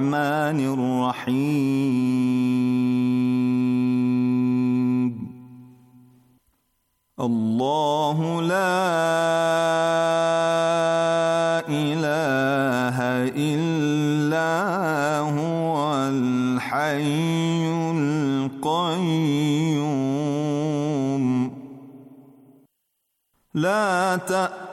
الرحمن الرحيم الله لا إله إلا هو الحي القيوم لا تأ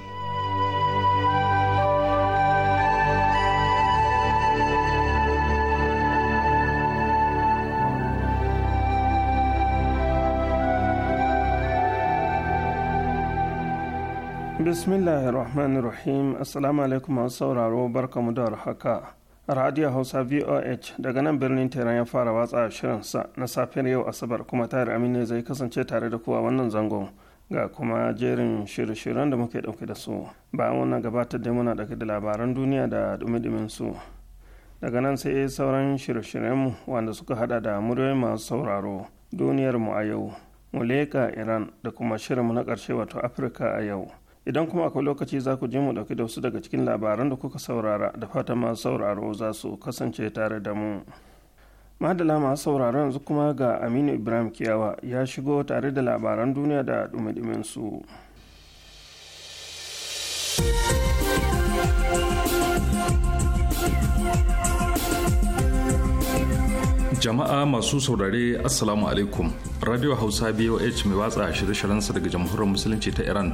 rahim assalamu alaikum masu sauraro barkamu da haka radio hausa voh daga nan birnin teran ya fara watsa shirinsa na safiyar yau asabar kuma tare aminu zai kasance tare da kuwa wannan zangon ga kuma jerin shirye-shiryen da muke dauke da su bayan wannan gabatar da muna dauke da labaran duniya da dumi su daga nan sai sauran shirye-shiryenmu wanda suka hada da muryoyin masu sauraro duniyar mu a yau muleka iran da kuma shirin mu na karshe wato afirka a yau idan kuma akwai lokaci za ku je mu dauki da wasu daga cikin labaran da kuka saurara da fata masu sauraro za su kasance tare da mu madala masu sauraro yanzu kuma ga aminu ibrahim kiyawa ya shigo tare da labaran duniya da dumi su. jama'a masu saurare assalamu alaikum radio hausa boh mai watsa shirye-shiryensa daga jamhuriyar musulunci ta iran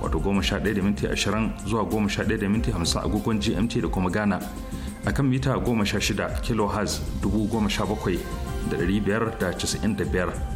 wato goma sha ɗaya da minti ashirin zuwa goma sha ɗaya da minti hamsin agogon gmt da kuma ghana akan mita goma sha shida kilohers dubu goma sha bakwai da ɗari biyar da casa'in da biyar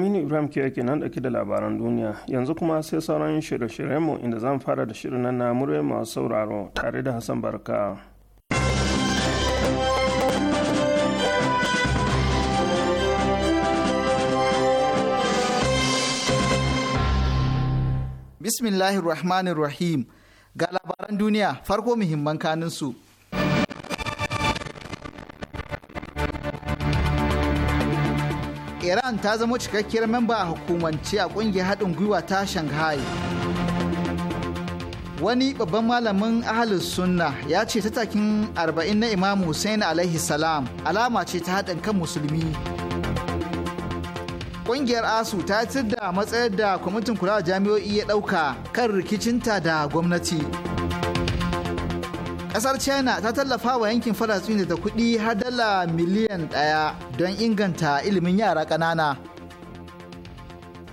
Aminu Ibrahim ke nan ɗauke da labaran duniya yanzu kuma sai sauran shirye-shiryenmu inda zan fara da shirin na murya masu sauraro tare da Hassan Barka. Bismillahir ga labaran duniya farko muhimman kaninsu. iran ta zama cikakkiyar memba a hukumance a kungiyar haɗin gwiwa ta shanghai wani babban malamin ahalin sunna ya ce tattakin arba'in na imam hussein alaihi salam alama ce ta haɗin kan musulmi ƙungiyar asu ta da matsayar da kwamitin kula da jami'o'i ya ɗauka kan rikicinta da gwamnati. kasar china ta tallafa wa yankin falasɗinu da kuɗi har dala miliyan ɗaya don inganta ilimin yara ƙanana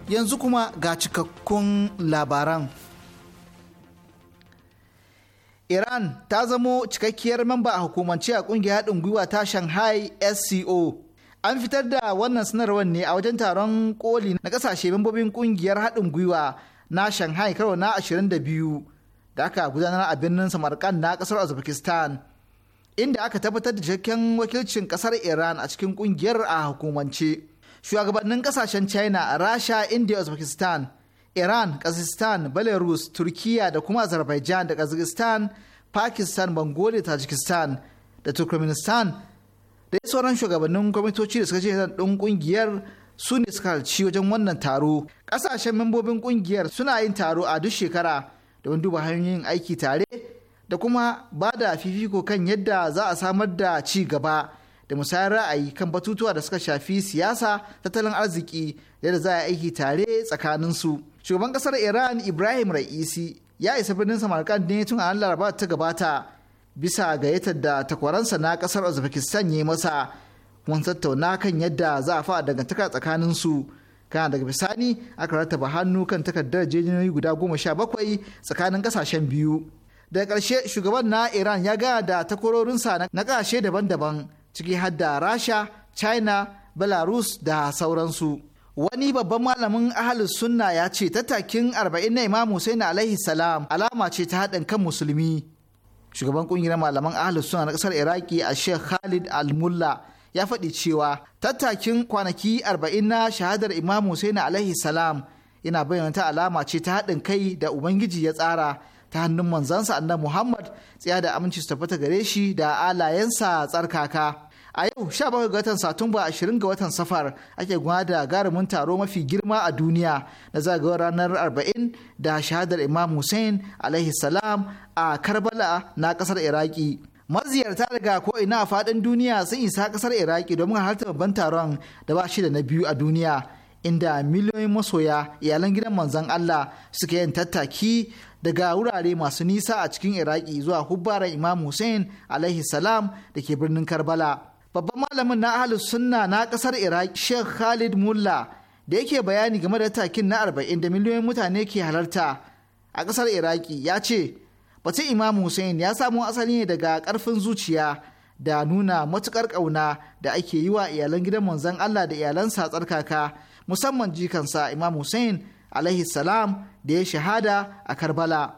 yanzu kuma ga cikakkun labaran iran ta zamo cikakkiyar mamba a hukumance a ƙungiyar haɗin gwiwa ta shanghai sco an fitar da wannan sanarwar ne a wajen taron koli na ƙasashe mambobin ƙungiyar haɗin gwiwa na shanghai karo na 22 da aka gudanar a birnin samarkan na kasar uzbekistan inda aka tabbatar da cikakken wakilcin kasar iran a cikin kungiyar a hukumance shugabannin kasashen china rasha india uzbekistan iran kazakhstan belarus turkiya da kuma azerbaijan da kazakhstan pakistan mongolia tajikistan da turkmenistan da sauran shugabannin gwamnatoci da suka ce ɗin kungiyar su ne suka halci wajen wannan taro ƙasashen membobin kungiyar suna yin taro a duk shekara wani duba hanyoyin aiki tare da kuma ba da fifiko kan yadda za a samar da ci gaba da musayar ra'ayi kan batutuwa da suka shafi siyasa tattalin arziki yadda za a aiki tare tsakaninsu shugaban kasar iran ibrahim ra'isi ya isa birnin samarkand ne tun a laraba ta gabata bisa gayyatar da takwaransa na kasar uzbekistan ya masa kuma tattauna kan yadda za a fara dangantaka tsakaninsu su kana daga bisani aka rattaba hannu kan takardar jejinoyi guda goma sha bakwai tsakanin kasashen biyu daga karshe shugaban na iran ya gaya da takwarorinsa na ƙasashe daban-daban ciki har da rasha china belarus da sauransu wani babban malamin ahalus sunna ya ce tattakin arba'in na imam hussein alaihi salam alama ce ta haɗin kan musulmi shugaban ƙungiyar malaman ahalus sunna na ƙasar iraki a shek khalid al-mulla ya faɗi cewa tattakin kwanaki arba'in na shahadar Imam Hussein alaihi salam yana bayyana ta alama ce ta haɗin kai da Ubangiji ya tsara ta hannun manzansa annabi Muhammad tsaya da aminci su tabbata gare shi da alayensa tsarkaka. A yau 17 ga watan Satumba 20 ga watan Safar ake gwada da garumin taro mafi girma a duniya na zagawar ranar 40 da shahadar Imam Hussein alaihi a Karbala na kasar Iraki. maziyarta daga ko ina fadin duniya sun isa kasar iraki domin halarta babban taron da ba shi da na biyu a duniya inda miliyoyin masoya iyalan gidan manzon Allah suka yin tattaki daga wurare masu nisa a cikin iraki zuwa hubbaran imam hussein alaihi salam da ke birnin karbala babban malamin na ahalus sunna na kasar iraki sheikh khalid mulla da yake bayani game da takin na arba'in da miliyoyin mutane ke halarta a kasar iraki ya ce Wace Imam Hussein ya samo asali ne daga ƙarfin zuciya da nuna matuƙar ƙauna da ake yi wa iyalan gidan manzon Allah da iyalansa tsarkaka musamman jikansa Imam Hussein alaihi salam da ya shahada a Karbala.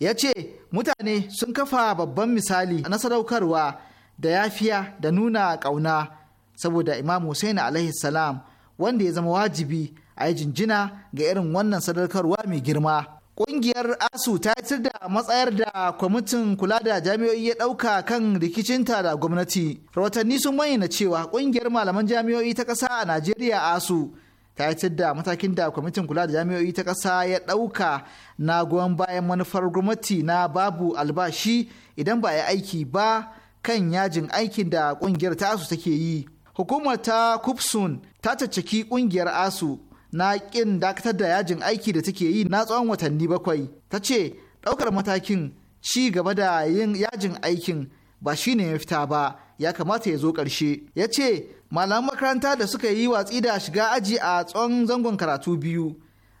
Ya ce mutane sun kafa babban misali na sadaukarwa da yafiya da nuna ƙauna saboda Imam Hussein alaihi salam wanda ya zama wajibi a yi jinjina ga irin wannan sadaukarwa mai girma. Ƙungiyar ASU ta yi da matsayar da kwamitin kula da jami'o'i ya ɗauka kan rikicinta da gwamnati. Rahotanni sun bayyana cewa ƙungiyar malaman jami'o'i ta ƙasa a Najeriya ASU ta yi da matakin da kwamitin kula da jami'o'i ta ƙasa ya ɗauka na goyon bayan manufar gwamnati na babu albashi idan ba ya yi aiki ba kan yajin aikin da ƙungiyar ta ASU take yi. Hukumar ta Kupsun ta caccaki ƙungiyar ASU na ƙin dakatar da yajin aiki da take yi na tsawon watanni bakwai ta ce ɗaukar matakin ci gaba da yin yajin aikin ba shi shine fita ba ya kamata ya zo ƙarshe ya ce malaman makaranta da suka yi watsi da shiga aji a tsawon zangon karatu biyu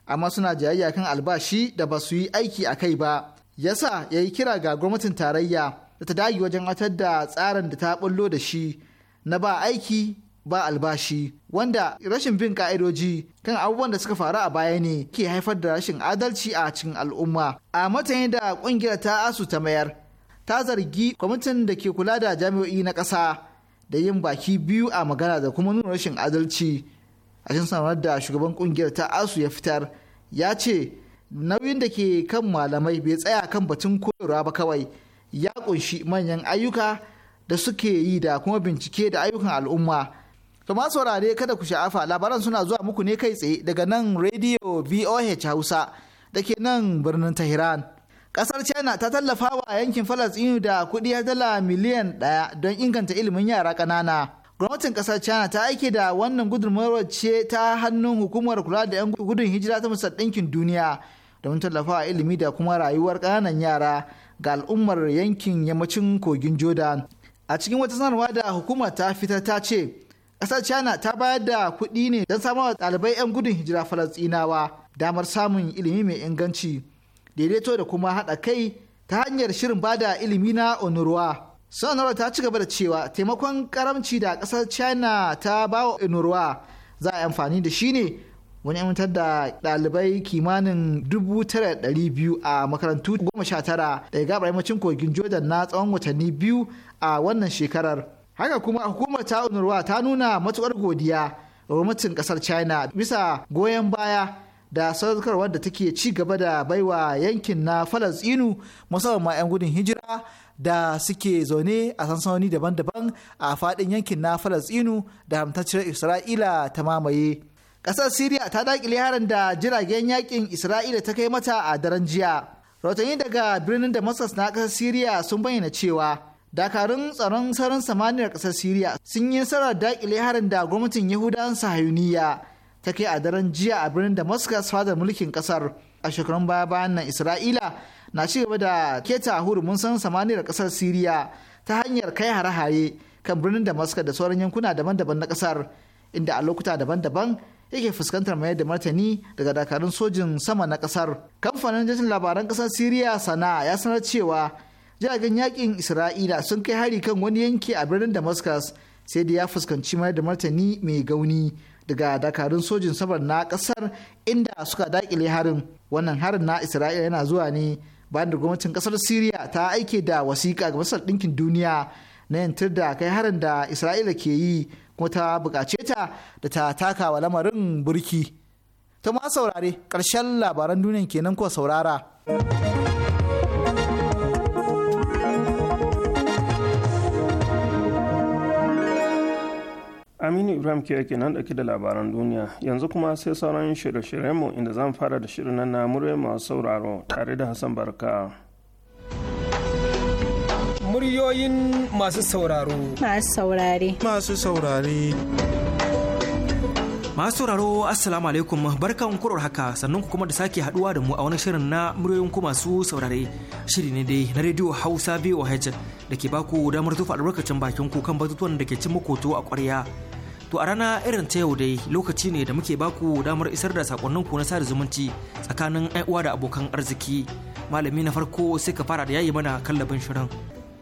amma suna jayayya kan albashi da ba su yi aiki a kai ba yasa ya yi kira ga gwamnatin tarayya da ta dage wajen atar da tsarin da ta bullo da shi na ba aiki ba albashi wanda rashin bin ka'idoji kan abubuwan da suka faru a baya ne ke haifar da rashin adalci a cikin al'umma a matsayin da kungiyar ta asu ta mayar ta zargi kwamitin da ke kula da jami'o'i na ƙasa da yin baki biyu a magana da kuma nuna rashin adalci a cikin sanar da shugaban kungiyar ta asu ya fitar ya ce nauyin da ke kan malamai bai tsaya kan batun koyarwa ba kawai ya kunshi manyan ayyuka da suke yi da kuma bincike da ayyukan al'umma To ma saurare kada ku sha'afa labaran suna zuwa muku ne kai tsaye daga nan Radio VOH Hausa da ke nan birnin Tehran. Kasar China ta tallafa wa yankin Falasɗinu da kuɗi har dala miliyan ɗaya don inganta ilimin yara ƙanana. Gwamnatin kasar China ta aike da wannan gudunmawar ce ta hannun hukumar kula da 'yan gudun hijira ta Musar Ɗinkin Duniya don tallafa wa ilimi da kuma rayuwar ƙananan yara ga al'ummar yankin yammacin kogin Jordan. A cikin wata sanarwa da hukumar ta fitar ta ce, ƙasar china ta bayar da kuɗi ne don samar da ɗalibai 'yan gudun hijira falastinawa damar samun ilimi mai inganci daidaito da kuma haɗa kai ta hanyar shirin bada ilimi na onurwa sanarwa ta ci gaba da cewa taimakon karamci da ƙasar china ta ba wa onurwa za a yi amfani da shi ne wani amintar da ɗalibai kimanin 9,200 a makarantu goma 19 daga gabar yammacin kogin jordan na tsawon watanni biyu a wannan shekarar haka kuma hukumar ta unurwa ta nuna matukar godiya ga gwamnatin kasar china bisa goyon baya da sadaukarwar da take ci gaba da baiwa yankin na falastinu musamman ma 'yan gudun hijira da suke zaune a sansanoni daban-daban a faɗin yankin na falastinu da hamtacciyar isra'ila ta mamaye ƙasar syria ta daƙile harin da jiragen yakin isra'ila ta kai mata a daren jiya rahotanni daga birnin damascus na ƙasar syria sun bayyana cewa dakarun tsaron sararin samaniyar ƙasar siriya sun yi nasarar daƙile harin da gwamnatin yahudawan sahayuniya ta kai a daren jiya a birnin damascus fadar mulkin ƙasar a shekarun baya bayan nan isra'ila na ci gaba da keta hurumin san samaniyar ƙasar siriya ta hanyar kai hare-hare kan birnin damascus da sauran yankuna daban-daban na ƙasar inda a lokuta daban-daban yake fuskantar mayar da martani daga dakarun sojin sama na kasar kamfanin jinsin labaran ƙasar siriya sana ya sanar cewa jiragen yakin isra'ila sun kai hari kan wani yanki a birnin damascus sai da ya fuskanci mayar da martani mai gauni daga dakarun sojin sabar na kasar inda suka dakile harin wannan harin na isra'ila yana zuwa ne bayan da gwamnatin kasar syria ta aike da wasiƙa ga masar ɗinkin duniya na yantar da kai harin da isra'ila ke yi kuma ta buƙace ta da ta taka wa lamarin burki ta ma saurare ƙarshen labaran duniyan kenan ko saurara. aminu ibrahim ke nan dauke da labaran duniya yanzu kuma sai sauran shirye-shiryenmu inda zan fara da shirin na murya masu sauraro tare da hassan barka muryoyin masu sauraro masu saurare masu saurare masu sauraro assalamu alaikum barkan kurar haka sannan ku kuma da sake haduwa da mu a wani shirin na muryoyin ku masu saurare shiri ne dai na rediyo hausa voh da ke baku damar tufa albarkacin bakin ku kan batutuwan da ke cin makoto a kwarya To a rana irin ta yau dai lokaci ne da muke baku damar isar da sakonninku na sada zumunci tsakanin uwa da abokan arziki. Malami na farko sai ka fara da yayi mana kallabin shirin.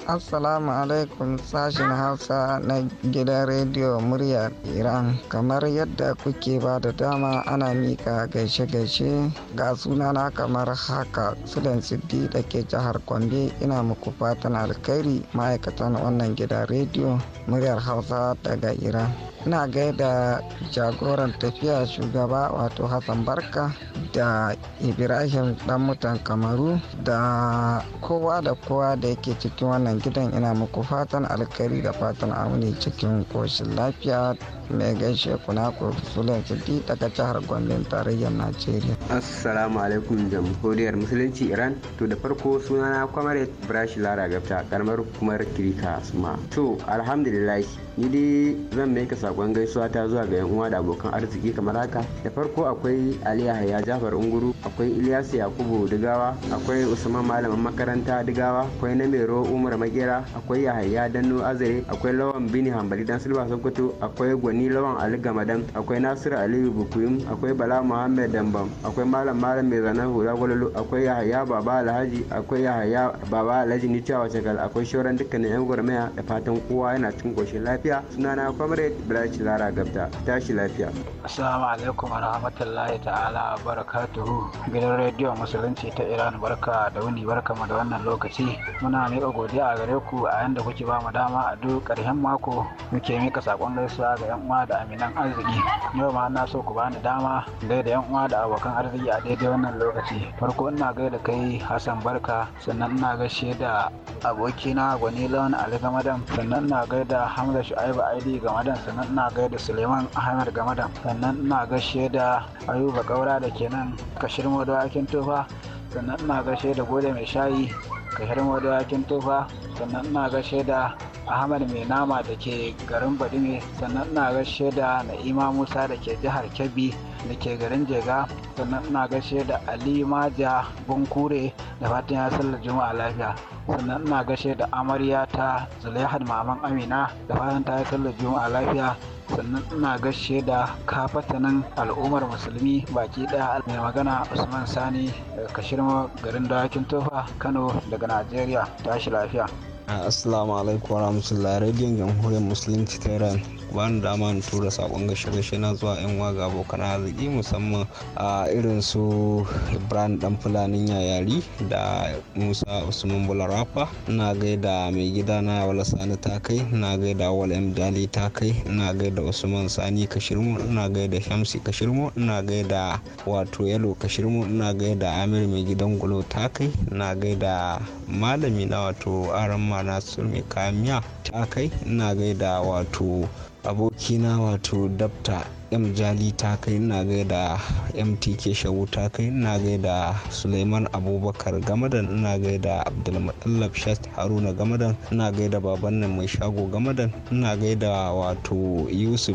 Assalamu alaikum sashen Hausa na gidan rediyo muryar Iran. Kamar yadda kuke ba da dama ana mika gaishe-gaishe ga sunana kamar haka Sudan Siddi da ke jihar Kwambe ina muku fatan alkhairi ma'aikatan wannan gidan rediyo muryar Hausa daga Iran. Ina gaida jagoran tafiya shugaba wato Hassan Barka da Ibrahim dan mutan Kamaru da kowa da kowa da yake cikin wannan wannan gidan ina muku fatan alkari da fatan amini cikin koshin lafiya mai gaishe kuna ku sulan sidi daga jihar gombe tarayyar najeriya assalamu alaikum jamhuriyar musulunci iran to da farko suna na kwamare brashi lara gafta karamar kumar kirika suma to alhamdulillah ni dai zan mai ka sakon gaisuwa ta zuwa ga yan uwa da abokan arziki kamar haka da farko akwai ali yahaya jafar unguru akwai ilyasu yakubu digawa akwai usman malamin makaranta digawa akwai namero umar Magera akwai Yahaya Danno Azare akwai Lawan Bini Hambali Dan Silva Sokoto akwai Gwani Lawan Ali Gamadan akwai Nasiru Aliyu Bukuyum akwai Bala muhammed Dambam akwai Malam Malam Mai Zanen Hura Gwalolo akwai Yahaya Baba Alhaji akwai Yahaya Baba Alhaji ni cewa Shagal akwai shauran dukkanin 'yan gwarmaya da fatan kowa yana cikin koshin lafiya sunana Comrade Brachi Lara Gabta tashi lafiya. Assalamu alaikum wa rahmatullahi ta'ala wa barakatuhu gidan rediyon musulunci ta Iran barka da wuni barka da wannan lokaci muna miƙa godiya a gare ku a yanda kuke ba mu dama a duk ƙarshen mako muke mika sakon gaisuwa ga yan uwa da aminan arziki yau ma na so ku bani dama da da yan uwa da abokan arziki a daidai wannan lokaci farko ina gai da kai Hassan Barka sannan ina gaishe da abokina Gwani Lawan Ali Gamadan sannan ina gai da Hamza Shu'aibu Aidi Gamadan sannan ina gai da Suleiman Ahmed Gamadan sannan ina gaishe da Ayuba Kaura da kenan Kashirmo da Akin Tofa sannan ina gaishe da gode mai shayi kashirin wadawakin tufa sannan ina gaishe da ahmad mai nama da ke garin badime sannan ina gaishe da na'ima musa da ke jihar kebbi da ke garin jega sannan ina gaishe da ali maja bunkure da fatan ya sallar juma'a lafiya sannan ina gaishe da amarya ta zulaihar maman amina da fatan ta yi sallar juma'a lafiya sannan ina gaishe da kafatanin al'ummar musulmi baki daya mai magana usman sani daga kashirma garin dawakin tofa kano daga najeriya tashi lafiya assalamu alaikum warahmatullahi radiyon jamhuriyar musulunci ta iran bani dama in tura sakon gashe-gashe na zuwa yan waga abokan arziki musamman a irin su ibrahim dan fulanin yayari da musa usman bularafa na gaida mai gida na wala sani ta kai na gaida Wal mdali ta kai na gaida usman sani kashirmu na gaida shamsi kashirmu na gaida wato yalo kashirmu na gaida amir mai gidan gulo ta kai na gaida malami na wato aran ma na mai kamiya ta kai na gaida wato abokina wato dabta m jali ta kai ina gaida mtk shagu ta kai ina gaida suleiman abubakar gamadan ina gaida abdulmutallab shat haruna gamadan ina gaida baban nan mai shago gamadan ina gaida wato yusuf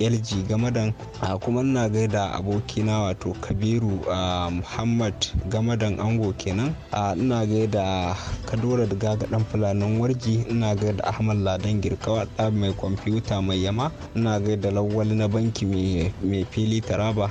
lg gamadan kuma ina gaida abokina wato kabiru muhammad gamadan ango kenan ina gaida kadora da gagadan fulanin warji ina gaida ahmad ladan girkawa mai kwamfuta mai yama ina gaida lawwali na banki mai mai fili taraba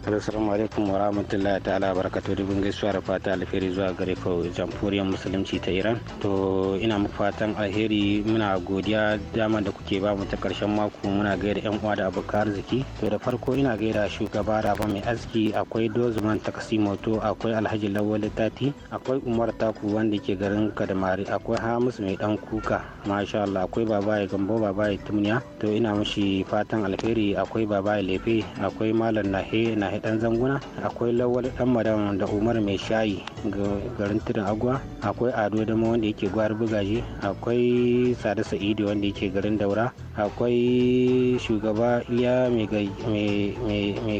assalamu alaikum wa rahmatullahi ta'ala barakatu da gaisuwa da fata alheri zuwa gare ku jamhuriyar musulunci ta iran to ina muku fatan alheri muna godiya dama da kuke ba mu ta karshen mako muna gaida yan uwa da abokan arziki to da farko ina gaida shugaba raba mai aski akwai dozuman takasimoto akwai alhaji lawal tati akwai umar taku wanda ke garin kadamari akwai hamis mai dan kuka masha allah akwai babaye gambo babaye tumniya to ina mushi fatan alheri akwai babaye lefe akwai malam nahe na Abdullahi dan zanguna akwai lawal dan madam da Umar mai shayi garin tudun agwa akwai Ado Dama wanda yake gwar bugaje akwai Sada Sa'idu wanda yake garin Daura akwai shugaba iya mai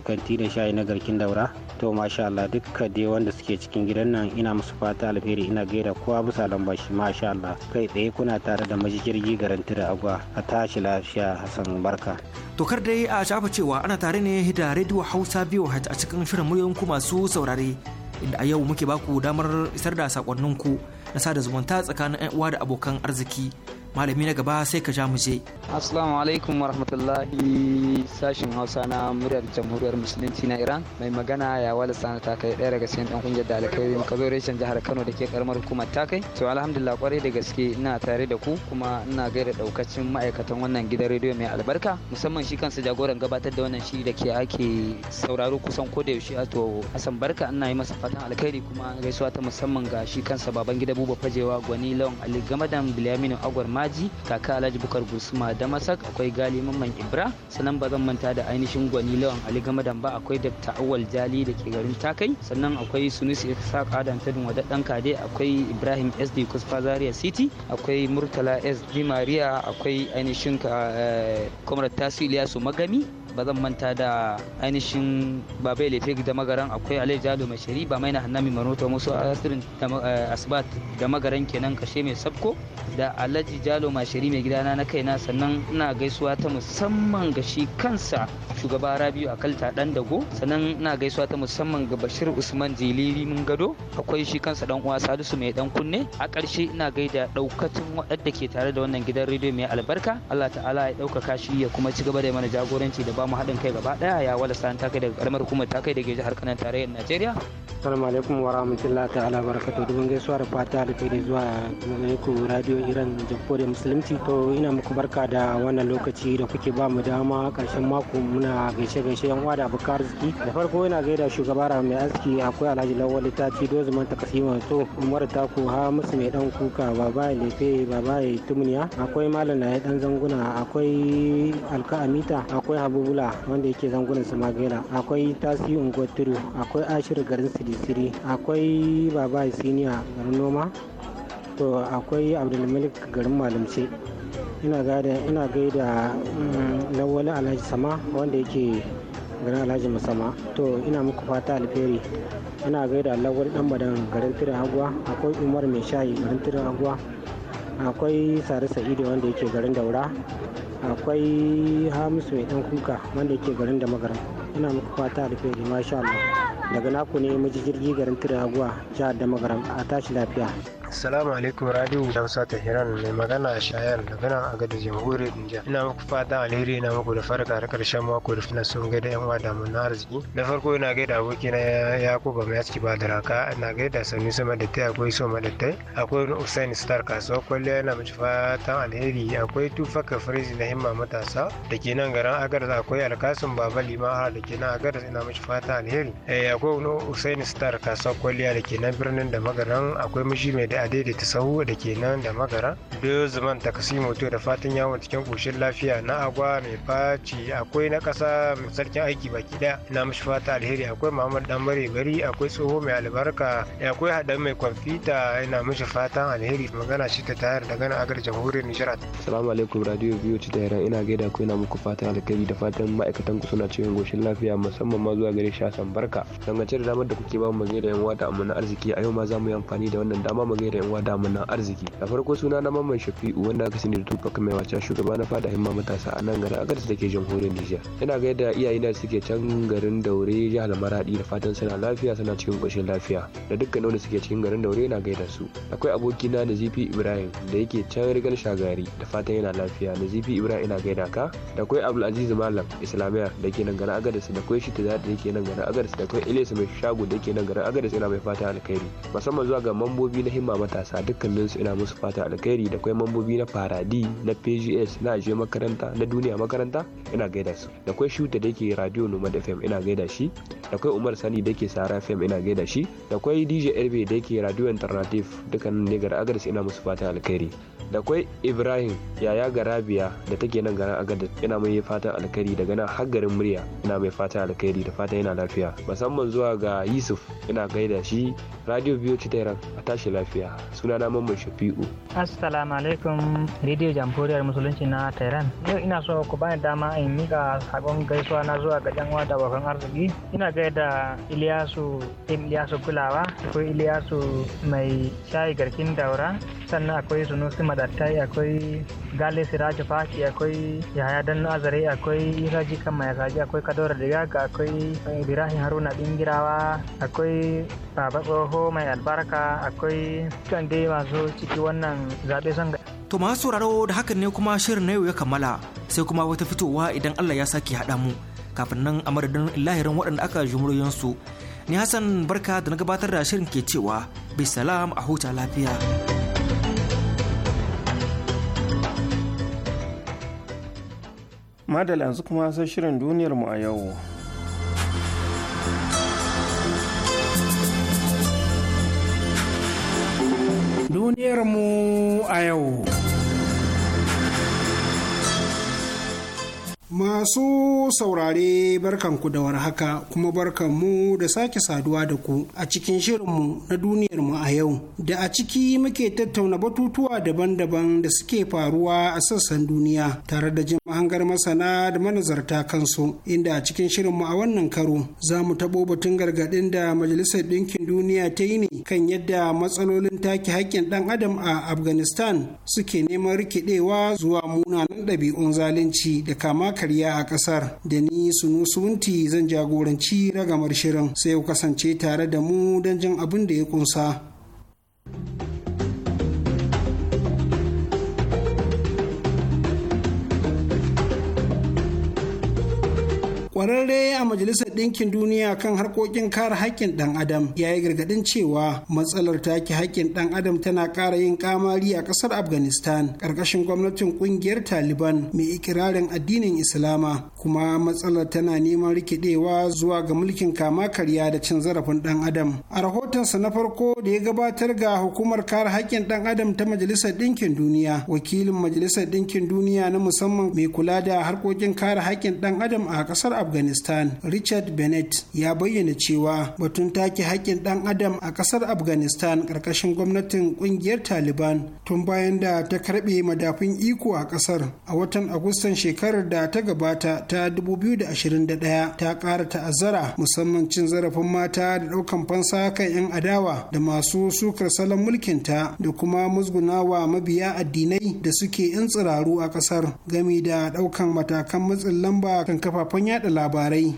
kanti da shayi na garkin Daura to masha Allah dukka dai wanda suke cikin gidan nan ina musu fata alheri ina gaida kowa bisa lambashi masha Allah kai tsaye kuna tare da majigirgi garin tudun agwa a tashi lafiya hasan barka to kar dai a shafa cewa ana tare ne da Radio Hausa biyu VOH a cikin shirin muryoyin ku masu saurare inda a yau muke baku damar isar da sakonninku na sada zumunta tsakanin 'yan uwa da abokan arziki. malami na gaba sai ka ja mu je assalamu alaikum rahmatullahi sashin hausa na muryar jamhuriyar musulunci na iran mai magana ya wala sana ta kai daya daga cikin dan kungiyar da alkai ka zo reshen jihar kano da ke karamar hukumar ta kai to alhamdulillah kwarai da gaske ina tare da ku kuma ina gaida daukacin ma'aikatan wannan gidan rediyo mai albarka musamman shi kansa jagoran gabatar da wannan shiri da ke ake sauraro kusan ko da yaushe to Hassan barka ina yi masa fatan alkhairi kuma gaisuwa ta musamman ga shi kansa baban gida buba fajewa gwani lawan ali gamadan Bilyaminu agwar Maji kaka Alhaji Bukar gusma da Masak akwai Gali Mamman Ibra sannan ba zan manta da ainihin Gwani Lawan Ali Gamadan ba akwai Dr. Awal Jali da ke garin Takai sannan akwai Sunusi Isaka Adam Tudun Wada Dan Kade akwai Ibrahim SD Kusfa Zaria City akwai Murtala SD Maria akwai ainihin ka eh, Comrade Tasu Ilyasu Magami ba zan manta da ainihin babai lefek da magaran akwai alai jalo mai shari ba mai na hannami manoto musu asirin eh, asibat da magaran kenan kashe mai sabko da alhaji jalo mai shari mai gidana na kaina sannan ina gaisuwa ta musamman ga shi kansa shugaba rabiu kalta dan dago sannan ina gaisuwa ta musamman ga bashir usman jeliri mun gado akwai shi kansa dan uwa salisu mai dan kunne a ƙarshe ina gaida daukacin waɗanda ke tare da wannan gidan rediyo mai albarka allah ta'ala ya ɗaukaka shi ya kuma ci gaba da mana jagoranci da ba mu haɗin kai gaba ɗaya ya wala sa'an takai daga karamar hukumar takai da daga jihar kanan tarayyar najeriya assalamu alaikum wa rahmatullahi ta'ala barakatuhu dubin gaisuwa da fata da kai zuwa malaiku radio iran jamhuriyar musulunci to ina muku barka da wannan lokaci da kuke ba mu dama karshen mako muna gaishe gaishe yan uwa da abokan arziki da farko ina gaida shugaba mai aski akwai alhaji lawal tafi dozuman takasima to umar tako ha musu mai dan kuka baba lefe baba tumniya akwai malam na dan zanguna akwai alka'amita akwai habubu Sabula wanda yake zangunan Samagera akwai Tasi Ungoturu akwai Ashiru garin Sidisiri akwai Baba Siniya garin Noma to akwai Abdulmalik garin Malumce ina gaida ina gaida mm, Lawali Alhaji Sama wanda yake garin Alhaji Musama to ina muku fata alheri ina gaida Lawali Dan Badan garin Tirin Agwa akwai Umar Mai Shayi garin Tirin Agwa akwai sare sa'idu wanda yake garin daura akwai hamisu mai dan kuka wanda yake garin da magara ina muku fata alheri masha Allah daga naku ne mijijirgi garin tiraguwa jihar da magaran a tashi lafiya Assalamu alaikum radio Hausa ta Hiran mai magana Shayar daga nan a gadar jamhuriyar Nijar. Ina muku fata alheri ina muku da farka da karshen mako da fina sun gaida yan wada mun arziki. Na farko ina gaida aboki na Yakuba mai aski ba da raka ina gaida Sami Sama da Tai akwai so da Tai akwai usain Star kasuwa kwalliya ina muku fata alheri akwai Tufaka Firizi na himma matasa da ke nan garin Agarza akwai Alkasun Baba Limaha da ke nan Agarza ina muku fata alheri. Eh, akwai usain Star kasuwa kwalliya da ke nan birnin da magaran akwai mishi mai da a daidaita sahu da ke nan da magara biyo zaman takasimo da fatan yawon cikin koshin lafiya na agwa mai faci akwai na kasa sarkin aiki baki daya na mashi fata alheri akwai muhammad dan bare bari akwai tsoho mai albarka akwai haɗa mai kwamfuta yana mashi fatan alheri magana shi ta tayar da gana agar jamhuriyar nijar salamu alaikum radio biyu ci da ina gaida ku ina muku fatan alheri da fatan ma'aikatan ku suna cikin koshin lafiya musamman ma zuwa gare shi barka dangance da damar da kuke ba mu da yan wata amma na arziki a yau ma za mu yi amfani da wannan dama mu da yan wada nan arziki da farko suna na mamman shafi'u wanda aka sani da tupac mai wacce shugaba na fada himma matasa a nan garin agadis da ke jamhuriyar nijar ina ga yadda iyayena suke can garin daure jihar maradi da fatan suna lafiya suna cikin ƙoshin lafiya da dukkan wanda suke cikin garin daure na gaida su akwai abokina nazifi ibrahim da yake can rigar shagari da fatan yana lafiya na zifi ibrahim ina gaida ka da akwai abdulaziz malam islamiya da ke nan garin agadis da akwai shi da yake nan garin agadis da akwai ilesa mai shago da yake nan garin agadis yana mai fata alkhairi musamman zuwa ga mambobi na himma matasa dukkanin su ina musu fata alkhairi da kwai mambobi na faradi na pgs na ajiye makaranta na duniya makaranta ina gaida su da kwai shuta da ke radio nomad fm ina gaida shi da kwai umar sani da ke sara fm ina gaida shi da kwai dj rb da ke radio alternative dukkanin negar agadis ina musu fata alkhairi da kwai ibrahim yaya garabiya da take nan garin agadis ina mai fatan alkhairi daga nan har garin murya ina mai fatan alkhairi da fatan yana lafiya musamman zuwa ga yusuf ina gaida shi radio biyu ci a tashi lafiya suna na mamman shafi'u assalamu alaikum rediyo jamhuriyar musulunci na tehran yau ina so ku bani dama in mika sakon gaisuwa na zuwa ga yan da abokan arziki ina gaida iliyasu iliyasu kulawa akwai iliyasu mai shayi garkin daura sannan akwai sunusi madattai akwai gale siraji faki akwai yahaya dan azare akwai iraji kan mai zaji akwai kadora digaga akwai ibrahim haruna bingirawa akwai baba tsoho mai albarka akwai kan dai masu ciki wannan zaɓe sanga. To masu sauraro da hakan ne kuma shirin na yau ya kammala sai kuma wata fitowa idan Allah ya sake haɗa mu kafin nan a madadin lahirin waɗanda aka jumuriyansu. Ni Hassan barka da na gabatar da shirin ke cewa bisalam a huta lafiya. Madal yanzu kuma sai shirin duniyarmu a yau. mu a yau. Masu saurare barkanku da warhaka kuma barkanmu da sake saduwa da ku a cikin shirinmu na duniyarmu a yau da a ciki muke tattauna batutuwa daban-daban da suke faruwa a sassan duniya tare da jin mahangar masana da manazarta kansu inda a cikin shirinmu a wannan karo za mu tabo batun gargaɗin da majalisar ɗinkin duniya ta yi ne kan yadda matsalolin take haƙƙin ɗan adam a afghanistan suke neman rikidewa zuwa munanan ɗabi'un zalunci da kama karya a kasar da ni sunu wunti zan jagoranci ragamar shirin sai ku kasance tare da mu don jin abin da ya kunsa. kwararre a majalisar ɗinkin duniya kan harkokin kare haƙƙin ɗan adam ya yi gargaɗin cewa matsalar take haƙƙin ɗan adam tana ƙara yin kamari a ƙasar afghanistan ƙarƙashin gwamnatin ƙungiyar taliban mai ikirarin addinin islama kuma matsalar tana neman rikidewa zuwa ga mulkin kama karya da cin zarafin ɗan adam a rahotonsa na farko da ya gabatar ga hukumar kare haƙƙin ɗan adam ta majalisar ɗinkin duniya wakilin majalisar ɗinkin duniya na musamman mai kula da harkokin kare haƙƙin ɗan adam a ƙasar Afghanistan. afghanistan richard bennett ya bayyana cewa batun take haƙƙin ɗan adam a ƙasar afghanistan ƙarƙashin gwamnatin ƙungiyar taliban tun bayan da ta karɓe madafun iko a ƙasar a watan agustan shekarar da ta gabata ta 2021 ta ƙara ta'azzara musamman cin zarafin mata da ɗaukan fansa kan 'yan adawa da masu sukar salon mulkinta da kuma musgunawa mabiya addinai da suke 'yan tsiraru a ƙasar gami da ɗaukan matakan matsin lamba kan kafafen yada labarai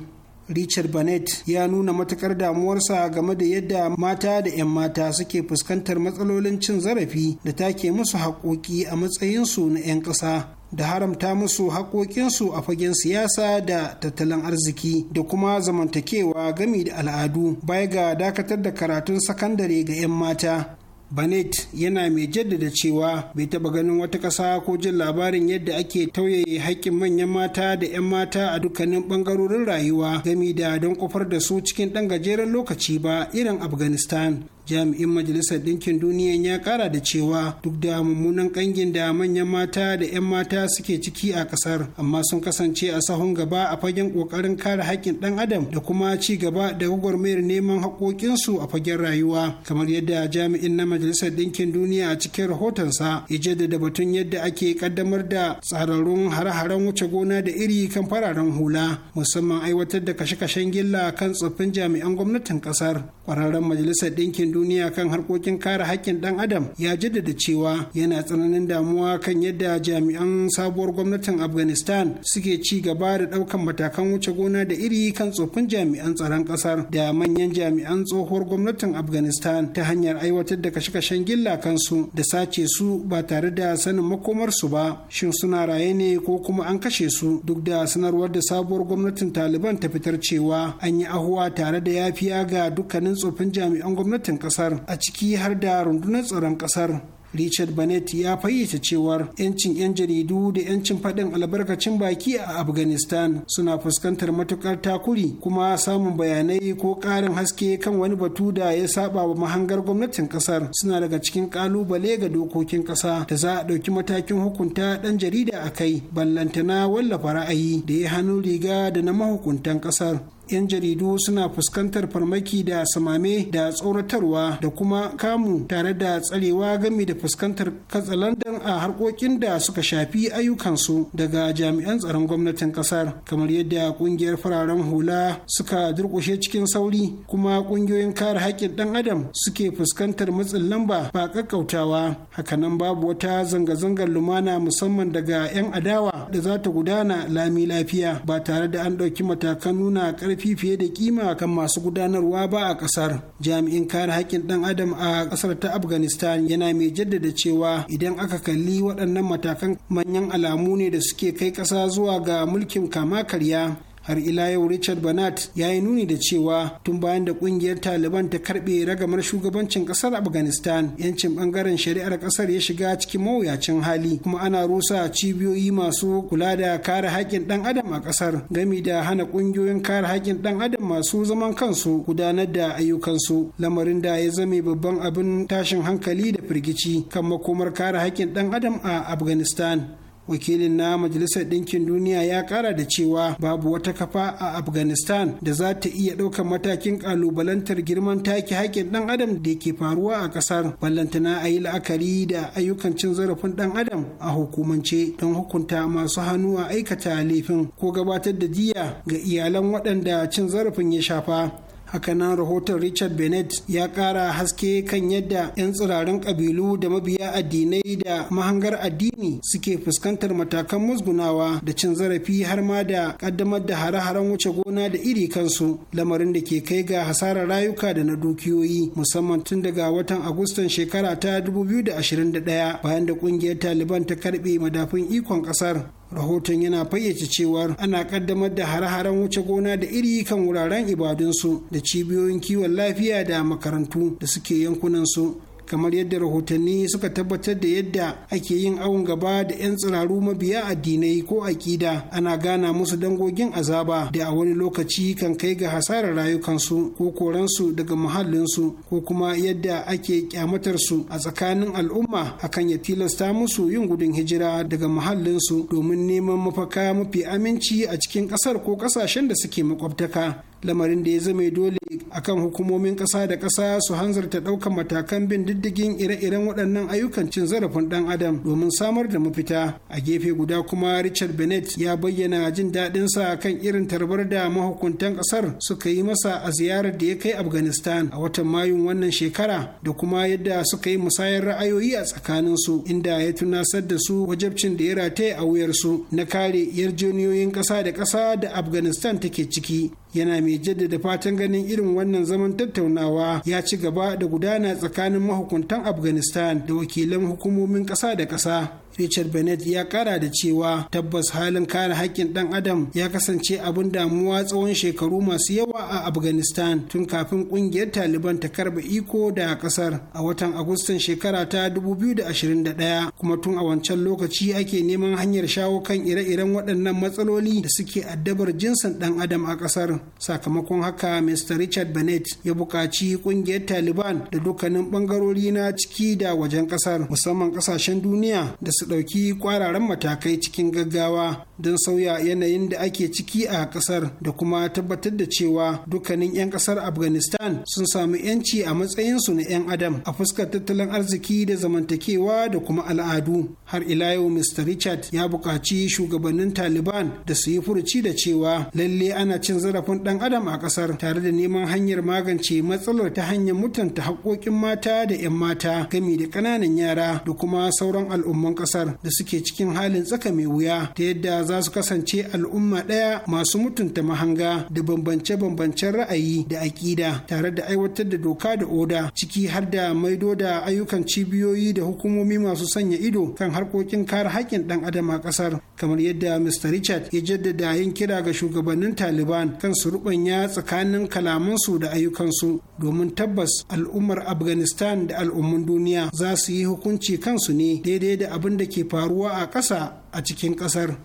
Richard Bennett ya nuna matukar damuwarsa game da yadda mata da 'yan mata suke fuskantar matsalolin cin zarafi da take musu haƙoƙi a matsayinsu na 'yan ƙasa da haramta musu haƙoƙinsu a fagen siyasa da tattalin arziki da kuma zamantakewa gami da al'adu baya ga dakatar da karatun sakandare ga 'yan mata Barnett yana mai jaddada cewa bai taba ganin wata ƙasa ko jin labarin yadda ake tauye haƙƙin manyan mata da 'yan mata a dukkanin ɓangarorin rayuwa gami da don kofar da su cikin ɗan gajeren lokaci ba irin Afghanistan. jami'in majalisar ɗinkin duniya ya kara da cewa duk da mummunan ƙangin da manyan mata da 'yan mata suke ciki a ƙasar amma sun kasance a sahun gaba a fagen ƙoƙarin kare haƙƙin ɗan adam da kuma ci gaba da gwagwarmayar neman haƙoƙinsu a fagen rayuwa kamar yadda jami'in na majalisar ɗinkin duniya a cikin rahotonsa ya jaddada batun yadda ake ƙaddamar da tsararrun hare-haren wuce gona da iri kan fararen hula musamman aiwatar da kashe-kashen gilla kan tsoffin jami'an gwamnatin ƙasar ƙwararren majalisar ɗinkin duniya kan harkokin kare haƙƙin ɗan adam ya jaddada cewa yana tsananin damuwa kan yadda jami'an sabuwar gwamnatin afghanistan suke ci gaba da ɗaukan matakan wuce gona da iri kan tsoffin jami'an tsaron ƙasar da manyan jami'an tsohuwar gwamnatin afghanistan ta hanyar aiwatar da kashe-kashen gilla kansu da sace su ba tare da sanin makomarsu ba shin suna raye ne ko kuma an kashe su duk da sanarwar da sabuwar gwamnatin taliban ta fitar cewa an yi ahuwa tare da yafiya ga dukkanin tsoffin jami'an gwamnatin kasar a ciki har da rundunar tsaron kasar Richard Bennett ya fayyace cewar 'yancin 'yan jaridu da 'yancin faɗin albarkacin baki a Afghanistan suna fuskantar matukar takuri kuma samun bayanai ko ƙarin haske kan wani batu da ya saba wa mahangar gwamnatin ƙasar suna daga cikin ƙalubale ga dokokin ƙasa da za a ɗauki matakin hukunta ɗan jarida a kai ballantana wallafa ra'ayi da ya hannu riga da na mahukuntan ƙasar. 'yan jaridu suna fuskantar farmaki da samame da tsoratarwa da kuma kamu tare da tsarewa game da fuskantar katsalandan a harkokin da suka shafi ayyukansu daga jami'an tsaron gwamnatin kasar kamar yadda kungiyar fararen hula suka durkushe cikin sauri kuma kungiyoyin kare haƙƙin ɗan adam suke fuskantar matsin lamba ba kakkautawa hakanan babu wata zanga-zangar lumana musamman daga 'yan adawa da za ta gudana lami lafiya ba tare da an ɗauki matakan nuna ƙarfi ƙarfi fiye da kima kan masu gudanarwa ba a ƙasar jami'in kare haƙƙin ɗan adam a ƙasar ta afghanistan yana mai jaddada cewa idan aka kalli waɗannan matakan manyan alamu ne da suke kai ƙasa zuwa ga mulkin kama karya har ila yau richard banat ya yi nuni da cewa tun bayan da kungiyar taliban ta karbe ragamar shugabancin kasar afghanistan yancin bangaren shari'ar kasar ya shiga cikin mawuyacin hali kuma ana rusa cibiyoyi masu kula da kare haƙƙin dan adam a kasar gami da hana kungiyoyin kare haƙƙin dan adam masu zaman kansu gudanar da ayyukansu lamarin da ya zame babban abin tashin hankali da firgici kan makomar kare haƙƙin dan adam a afghanistan wakilin na majalisar ɗinkin duniya ya ƙara da cewa babu wata kafa a afghanistan da za ta iya ɗaukar matakin ƙalubalantar girman take haƙƙin ɗan adam da ke faruwa a ƙasar ballantana a yi la'akari da ayyukan cin zarafin ɗan adam a hukumance don hukunta masu hannu a aikata laifin ko gabatar da jiya ga iyalan waɗanda cin zarafin ya shafa hakanan rahoton richard bennett ya kara haske kan yadda 'yan tsirarin kabilu da mabiya addinai da mahangar addini suke fuskantar matakan musgunawa da cin zarafi har ma da kaddamar da hare-haren wuce gona da iri kansu lamarin da ke kai ga hasarar rayuka da na dukiyoyi musamman tun daga watan agustan shekara ta 2021 bayan da kungiyar taliban ta karbe madafun ikon kasar rahoton yana fayyace cewa ana kaddamar da hare-haren wuce gona da iri kan wuraren ibadunsu da cibiyoyin kiwon lafiya da makarantu da suke yankunan su kamar yadda rahotanni suka tabbatar da yadda ake yin awon gaba da 'yan tsiraru mabiya addinai ko aƙida ana gana musu dangogin azaba da a wani lokaci kan kai ga hasarar rayukansu ko koransu daga muhallinsu ko kuma yadda ake kyamatarsu a tsakanin al'umma akan ya tilasta musu yin gudun hijira daga muhallinsu domin neman mafaka mafi aminci a cikin ƙasar ko ƙasashen da suke makwabtaka lamarin da ya zame dole akan hukumomin ƙasa da ƙasa su hanzarta ɗaukar matakan bin diddigin ire-iren waɗannan ayyukan cin zarafin ɗan adam domin samar da mafita a gefe guda kuma richard bennett ya bayyana jin daɗin sa kan irin tarbar da mahukuntan ƙasar suka yi masa a ziyarar da ya kai afghanistan a watan mayun wannan shekara da kuma yadda suka yi musayar ra'ayoyi a tsakanin su inda ya tunasar da su wajabcin da ya rataye a wuyarsu na kare yarjejeniyoyin ƙasa da ƙasa da afghanistan take ciki yana mai jaddada fatan ganin irin wannan zaman tattaunawa ya ci gaba da gudana tsakanin mahukuntan afghanistan da wakilan hukumomin ƙasa da ƙasa richard bennett ya kara da cewa tabbas halin kare haƙƙin ɗan adam ya kasance abin damuwa tsawon shekaru masu yawa a afghanistan tun kafin ƙungiyar taliban ta karba iko da ƙasar a watan agustan shekara ta 2021 kuma tun a wancan lokaci ake neman hanyar shawo kan ire-iren waɗannan matsaloli da suke addabar jinsin ɗan adam a ƙasar sakamakon haka mr richard bennett ya buƙaci ƙungiyar taliban da dukkanin bangarori na ciki da wajen ƙasar musamman ƙasashen duniya da su ɗauki kwararan matakai cikin gaggawa don sauya yanayin da ake ciki a ƙasar da kuma tabbatar da cewa dukkanin 'yan ƙasar afghanistan sun samu 'yanci a matsayinsu na 'yan adam a fuskar tattalin arziki da zamantakewa da kuma al'adu har ila yau mr richard ya buƙaci shugabannin taliban da su yi furuci da cewa lalle ana cin zarafin ɗan adam a ƙasar tare da neman hanyar magance matsalar ta hanyar mutunta haƙƙoƙin mata da 'yan mata gami da ƙananan yara da kuma sauran al'umman ƙasar kasar da suke cikin halin tsaka mai wuya ta yadda za su kasance al'umma ɗaya masu mutunta mahanga da bambance-bambancen ra'ayi da aƙida tare da aiwatar da doka da oda ciki har da maido da ayyukan cibiyoyi da hukumomi masu sanya ido kan harkokin kare haƙƙin ɗan adam a ƙasar kamar yadda Mr. Richard ya jaddada yin kira ga shugabannin Taliban kan su rubanya tsakanin kalamansu da ayyukansu domin tabbas al'ummar Afghanistan da al'umman duniya za su yi hukunci kansu ne daidai da abin da da ke faruwa a ƙasa a cikin ƙasar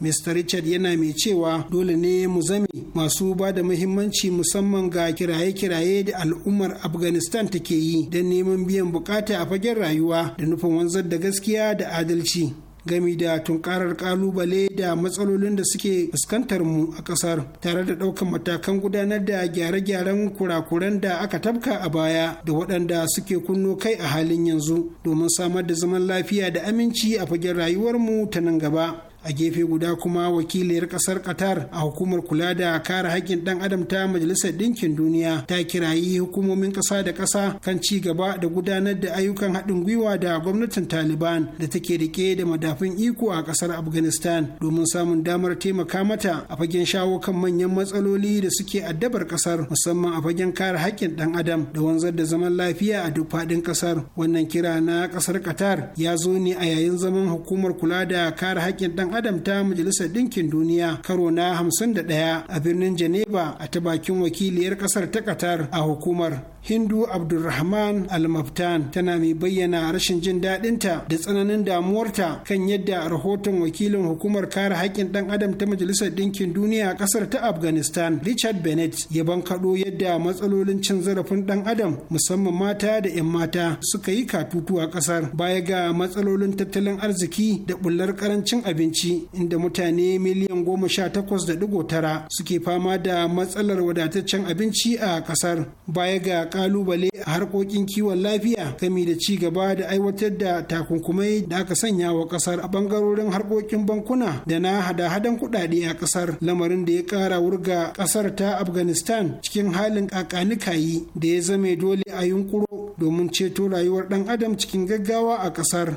Mr. Richard yana mai cewa dole ne mu zame masu ba da muhimmanci musamman ga kiraye-kiraye da al'ummar Afghanistan take yi don neman biyan bukata a fagen rayuwa da nufin wanzar da gaskiya da adalci. gami da tunkarar kalubale da matsalolin da suke fuskantar mu a kasar tare da ɗaukan matakan gudanar da gyare-gyaren kurakuran da aka tabka a baya da waɗanda suke kunno kai a halin yanzu domin samar da zaman lafiya da aminci a fagen rayuwarmu ta nan gaba. a gefe guda kuma wakiliyar kasar qatar a hukumar kula da kare haƙƙin ɗan adam ta majalisar ɗinkin duniya ta kirayi hukumomin ƙasa da ƙasa kan ci gaba da gudanar da ayyukan haɗin gwiwa da gwamnatin taliban da take rike da madafin iko a ƙasar afghanistan domin samun damar taimaka mata a fagen shawo kan manyan matsaloli da suke addabar ƙasar musamman a fagen kare haƙƙin ɗan adam da wanzar da zaman lafiya a duk faɗin ƙasar wannan kira na ƙasar qatar ya zo ne a yayin zaman hukumar kula da kare haƙƙin ɗan adam ta majalisar ɗinkin duniya karo na 51 a birnin Geneva a ta bakin wakiliyar ƙasar ta Qatar a hukumar Hindu Abdulrahman Almaftan tana mai bayyana rashin jin daɗinta da tsananin damuwarta kan yadda rahoton wakilin hukumar kare haƙƙin ɗan adam ta Majalisar Ɗinkin Duniya a ƙasar ta Afghanistan Richard Bennett ya bankaɗo yadda matsalolin cin zarafin ɗan adam musamman mata da 'yan mata suka yi katutu a ƙasar baya ga matsalolin tattalin arziki da ɓullar ƙarancin abinci abinci inda mutane miliyan goma sha takwas da digo tara suke fama da matsalar wadataccen abinci a kasar baya ga kalubale a harkokin kiwon lafiya gami da ci gaba da aiwatar da takunkumai da aka sanya wa kasar a bangarorin harkokin bankuna da na hada-hadan kudade a kasar lamarin da ya kara wurga kasar ta afghanistan cikin halin kakanikayi da ya zame dole a yunkuro domin ceto rayuwar ɗan adam cikin gaggawa a kasar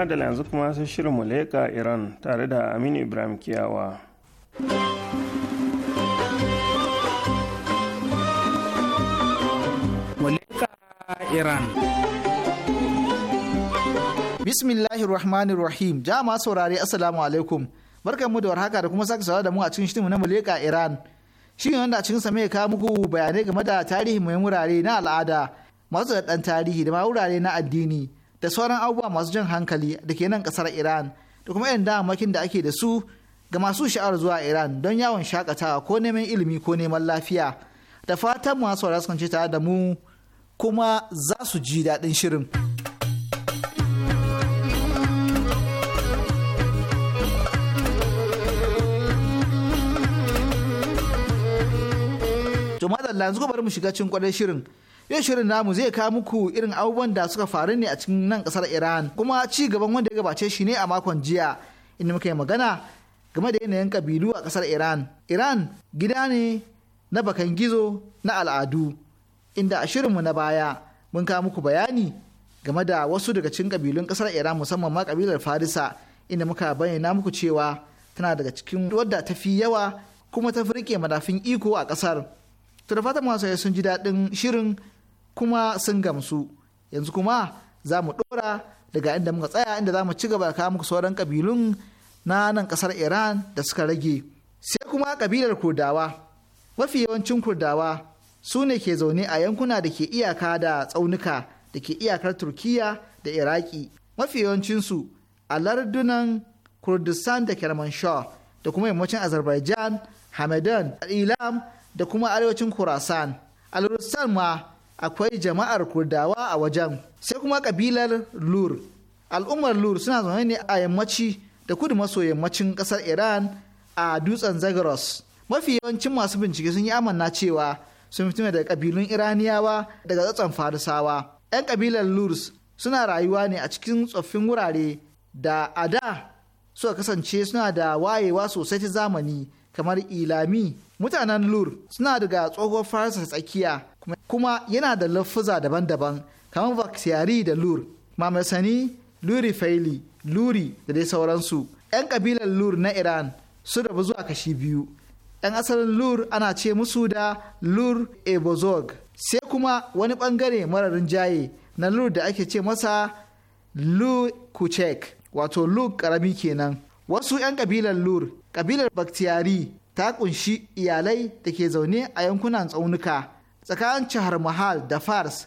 madala yanzu kuma sai shirin mu iran tare da aminu ibrahim kiyawa Muleka Iran. Bismillahir Rahmanir Rahim. Jama'a saurari Assalamu alaikum. Barkanmu da warhaka da kuma sake saurara da mu a cikin shirinmu na Muleka Iran. Shin wanda a cikin sa mai kawo muku bayanai game da tarihi mai wurare na al'ada, masu da tarihi da ma wurare na addini. da sauran abubuwa masu jan hankali da ke nan kasar Iran da kuma irin damakin da ake da su ga masu sha'awar zuwa Iran don yawon shakatawa ko neman ilimi ko neman lafiya da fatan masu wara tare da mu kuma za su ji daɗin shirin. To madalla yanzu bari mu shiga cin kwadar shirin yau shirin namu zai kawo muku irin abubuwan da suka faru ne a cikin nan kasar iran kuma ci gaban wanda ya gabace shi ne a makon jiya inda muka yi magana game da yanayin kabilu a kasar iran iran gida ne na bakan gizo na al'adu inda a shirinmu na baya mun kawo muku bayani game da wasu daga cikin kabilun kasar iran musamman ma kabilar farisa inda muka bayyana muku cewa tana daga cikin wadda ta fi yawa kuma ta rike madafin iko a kasar to da masu sun ji daɗin shirin kuma sun gamsu yanzu kuma za mu ɗora daga inda muka tsaya inda za mu ci gaba da kawo muku sauran kabilun na nan ƙasar iran da suka rage sai kuma kabilar kurdawa mafi yawancin kurdawa su ne ke zaune a yankuna da ke iyaka da tsaunuka da ke iyakar turkiya da iraki mafi yawancinsu a lardunan kurdistan da kermanshaw da kuma yammacin azerbaijan hamadan ilam da kuma arewacin kurasan aluristan ma akwai jama'ar kurdawa a wajen sai kuma kabilar lur al'ummar lur suna zaune ne a yammaci da kudu maso yammacin kasar iran a dutsen zagros mafi yawancin masu bincike sun yi amanna cewa sun fito daga kabilun iraniyawa daga tsatson farisawa 'yan kabilar lurs suna rayuwa ne a cikin tsoffin wurare da a da suka kasance suna da wayewa sosai ta zamani kamar ilami mutanen lur suna daga tsohuwar farisa tsakiya kuma yana da lafuza daban-daban kamar vaksiyari da lur mamasani luri faili luri da dai sauransu 'yan kabilar lur na iran su rabu zuwa kashi biyu 'yan asalin lur ana ce musu da lur ebozog sai kuma wani bangare mararin rinjaye na lur da ake ce masa lu kuchek wato lu karami kenan wasu 'yan kabilar lur kabilar baktiyari ta kunshi iyalai da ke zaune a yankunan tsaunuka tsakanin Chahar Mahal da Fars,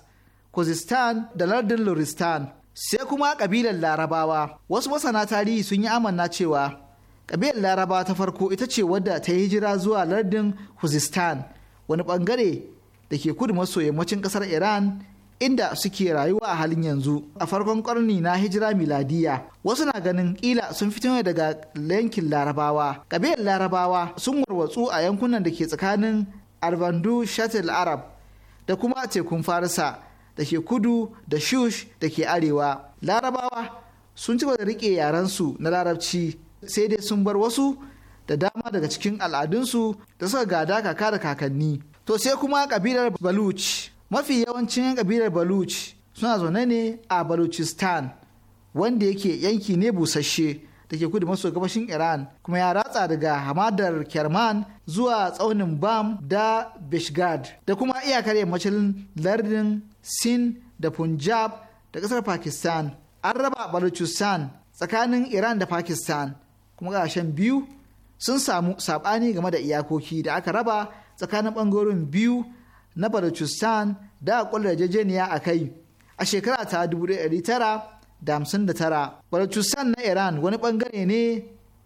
Kuzistan da lardin Luristan, sai kuma kabilar Larabawa. Wasu masana tarihi sun yi amanna cewa ƙabilar Larabawa ta farko ita ce wadda ta yi hijira zuwa lardin Kuzistan, wani bangare da ke kudu maso yammacin ƙasar Iran inda suke rayuwa a halin yanzu a farkon ƙarni na hijira miladiya wasu na ganin ƙila sun fito ne daga yankin larabawa ƙabilar larabawa sun warwatsu a yankunan da ke tsakanin arbandu shatil arab da kuma tekun farisa da ke kudu da shush da ke arewa larabawa sun ci da rike yarensu na larabci sai dai sun bar wasu da dama daga cikin al'adunsu da suka gada kaka da kakanni to sai kuma kabilar baluch mafi yawancin kabilar baluch suna zaune ne a baluchistan wanda yake yanki ne busasshe da ke kudu maso gabashin Iran kuma ya ratsa daga hamadar Kerman zuwa tsaunin Bam da Bishgad da kuma iyakar yammacin lardin Sin da Punjab da ƙasar Pakistan. An raba Balochistan tsakanin Iran da Pakistan kuma ƙasashen biyu sun samu saɓani game da iyakoki da aka raba tsakanin ɓangarorin biyu na Balochistan da a a kai a shekara ta 1900 da hamsin da tara. Balochistan na Iran wani bangare ne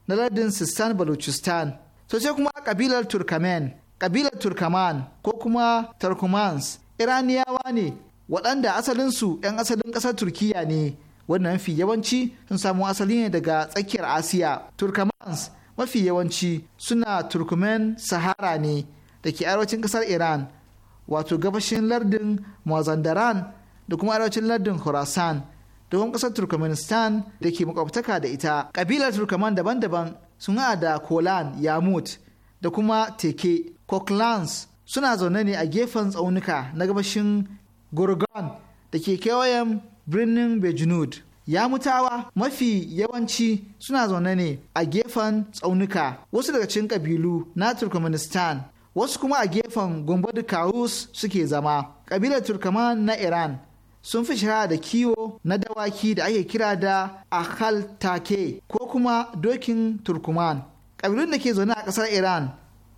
na lardin Sistan Balochistan. Sosai kuma kabilar Turkmen, kabilar Turkaman ko kuma Turkmans Iraniyawa ne waɗanda asalinsu 'yan asalin ƙasar Turkiya ne. Wannan mafi yawanci sun samu asali ne daga tsakiyar Asiya. Turkmans mafi yawanci suna Turkmen Sahara ne da ke arewacin ƙasar Iran, wato gabashin lardin Mazandaran da kuma arewacin lardin Khorasan. domin ƙasar turkmenistan da ke makwabtaka da ita ƙabilar Turkmen daban-daban sun haɗa da kolan yamut da kuma teke Koklans suna zaune ne a gefen tsaunuka na gabashin gurgan da ke kewayen birnin bejnud yamutawa mafi yawanci suna zaune ne a gefen tsaunuka wasu daga cikin ƙabilu na turkmenistan wasu kuma a gefen gumbadu kawus suke zama ƙabilar turkaman na iran sun fi shahara da kiwo na dawaki da ake kira da akhaltake ko kuma dokin turkuman ƙabilun da ke zaune a ƙasar iran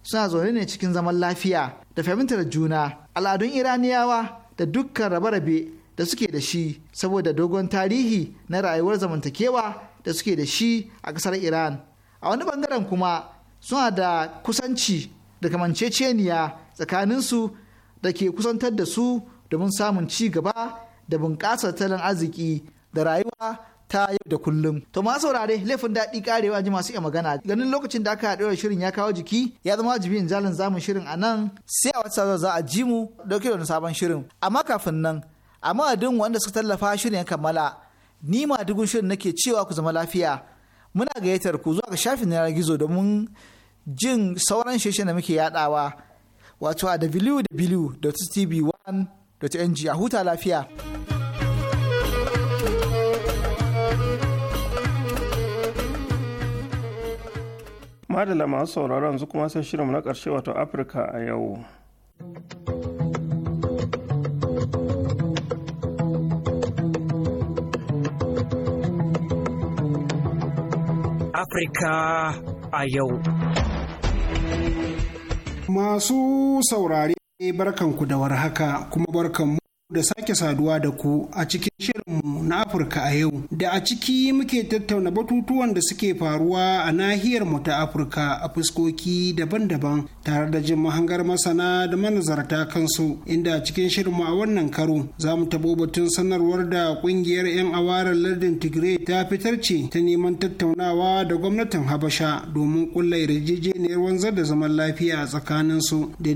suna zaune ne cikin zaman lafiya da fahimtar juna al'adun iraniyawa da dukkan rabe-rabe da suke da shi saboda dogon tarihi na rayuwar zamantakewa da suke da shi a ƙasar iran a wani bangaren kuma suna da kusanci da kamanceceniya tsakaninsu da ke kusantar da su domin samun ci gaba da bunƙasar tattalin arziki da rayuwa ta yau da kullum. To ma saurare laifin daɗi karewa ji masu iya magana ganin lokacin da aka da shirin ya kawo jiki ya zama wajibi in jalin zamun shirin a nan sai a wata za a ji mu ɗauke da sabon shirin. Amma kafin nan a madadin wanda suka tallafa shirin ya kammala ni ma dugun shirin nake cewa ku zama lafiya. Muna gayyatar ku zuwa ga shafin yanar gizo domin jin sauran shirin da muke yadawa wato a www.tv1 ng a huta lafiya. Madala masu sauraron yanzu kuma sai shirinmu na ƙarshe wato Afirka a yau. Afirka a yau. Masu saurari. E, barkanku da warhaka kuma barkanmu da sake saduwa da ku a cikin shirinmu na Afirka a yau da a ciki muke tattauna batutuwan da suke faruwa a nahiyar mu ta Afirka a fuskoki daban-daban tare da jin mahangar masana da manazarta kansu inda a cikin shirinmu a wannan karo za mu tabo batun sanarwar da kungiyar 'yan awarar lardin Tigray ta fitar ce ta neman tattaunawa da gwamnatin Habasha domin kulla yarjejeniyar wanzar da zaman lafiya a tsakaninsu da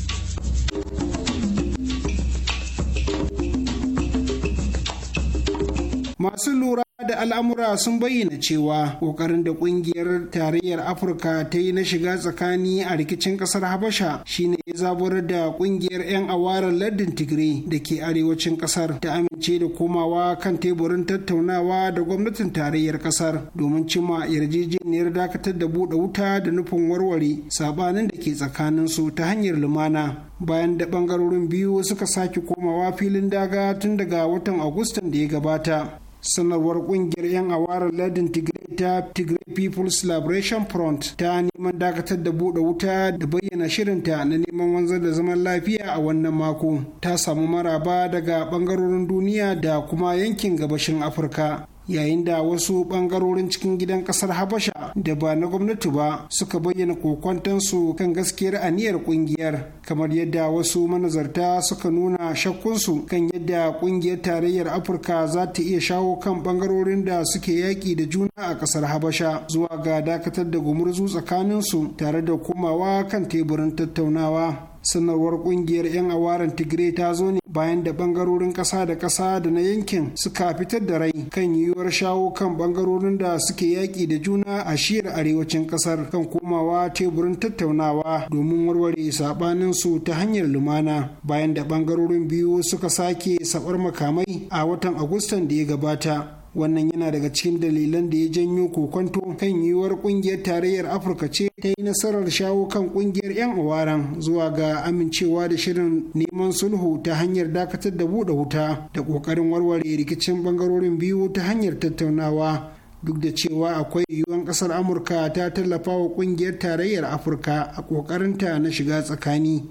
masu lura da al'amura sun bayyana cewa ƙoƙarin da ƙungiyar tarayyar afirka ta yi na shiga tsakani a rikicin ƙasar habasha shine ya zabar da ƙungiyar 'yan awarar lardin tigray da ke arewacin ƙasar ta amince da komawa kan teburin tattaunawa da gwamnatin tarayyar ƙasar domin cimma yarjejeniyar dakatar da buɗe wuta da nufin warware sabanin da ke tsakanin su ta hanyar lumana bayan da bangarorin biyu suka sake komawa filin daga tun daga watan agustan da ya gabata sanarwar kungiyar 'yan awarar ladin tigray ta tigray people's liberation front ta neman dakatar da bude wuta da bayyana shirinta na neman wanzar da zaman lafiya a wannan mako ta samu maraba daga bangarorin duniya da kuma yankin gabashin afirka yayin da wasu bangarorin cikin gidan kasar habasha da ba na gwamnati ba suka bayyana kokwantansu kan gaskiyar aniyar kungiyar kamar yadda wasu manazarta suka nuna shakkunsu kan yadda kungiyar tarayyar afirka za ta iya shawo kan bangarorin da suke yaƙi da juna a kasar habasha zuwa ga dakatar da gumurzu tsakaninsu tare da komawa kan teburin tattaunawa sanarwar kungiyar 'yan awaren tigray ta zo ne bayan da bangarorin ƙasa da ƙasa da na yankin suka fitar da rai kan yiwuwar shawo kan bangarorin da suke yaƙi da juna a shiyar arewacin ƙasar kan komawa teburin tattaunawa domin warware saɓanin su ta hanyar lumana bayan da bangarorin biyu suka sake sabar makamai a watan agustan da ya gabata wannan yana daga cikin dalilan da ya janyo kokonto kan yiwuwar kungiyar tarayyar afirka ce ta yi nasarar shawo kan kungiyar 'yan awaran zuwa ga amincewa da shirin neman sulhu ta hanyar dakatar da buɗe wuta da ƙoƙarin warware rikicin ɓangarorin biyu ta hanyar tattaunawa duk da cewa akwai yiwuwar ƙasar amurka ta tallafa wa ƙungiyar tarayyar afirka a ƙoƙarinta na shiga tsakani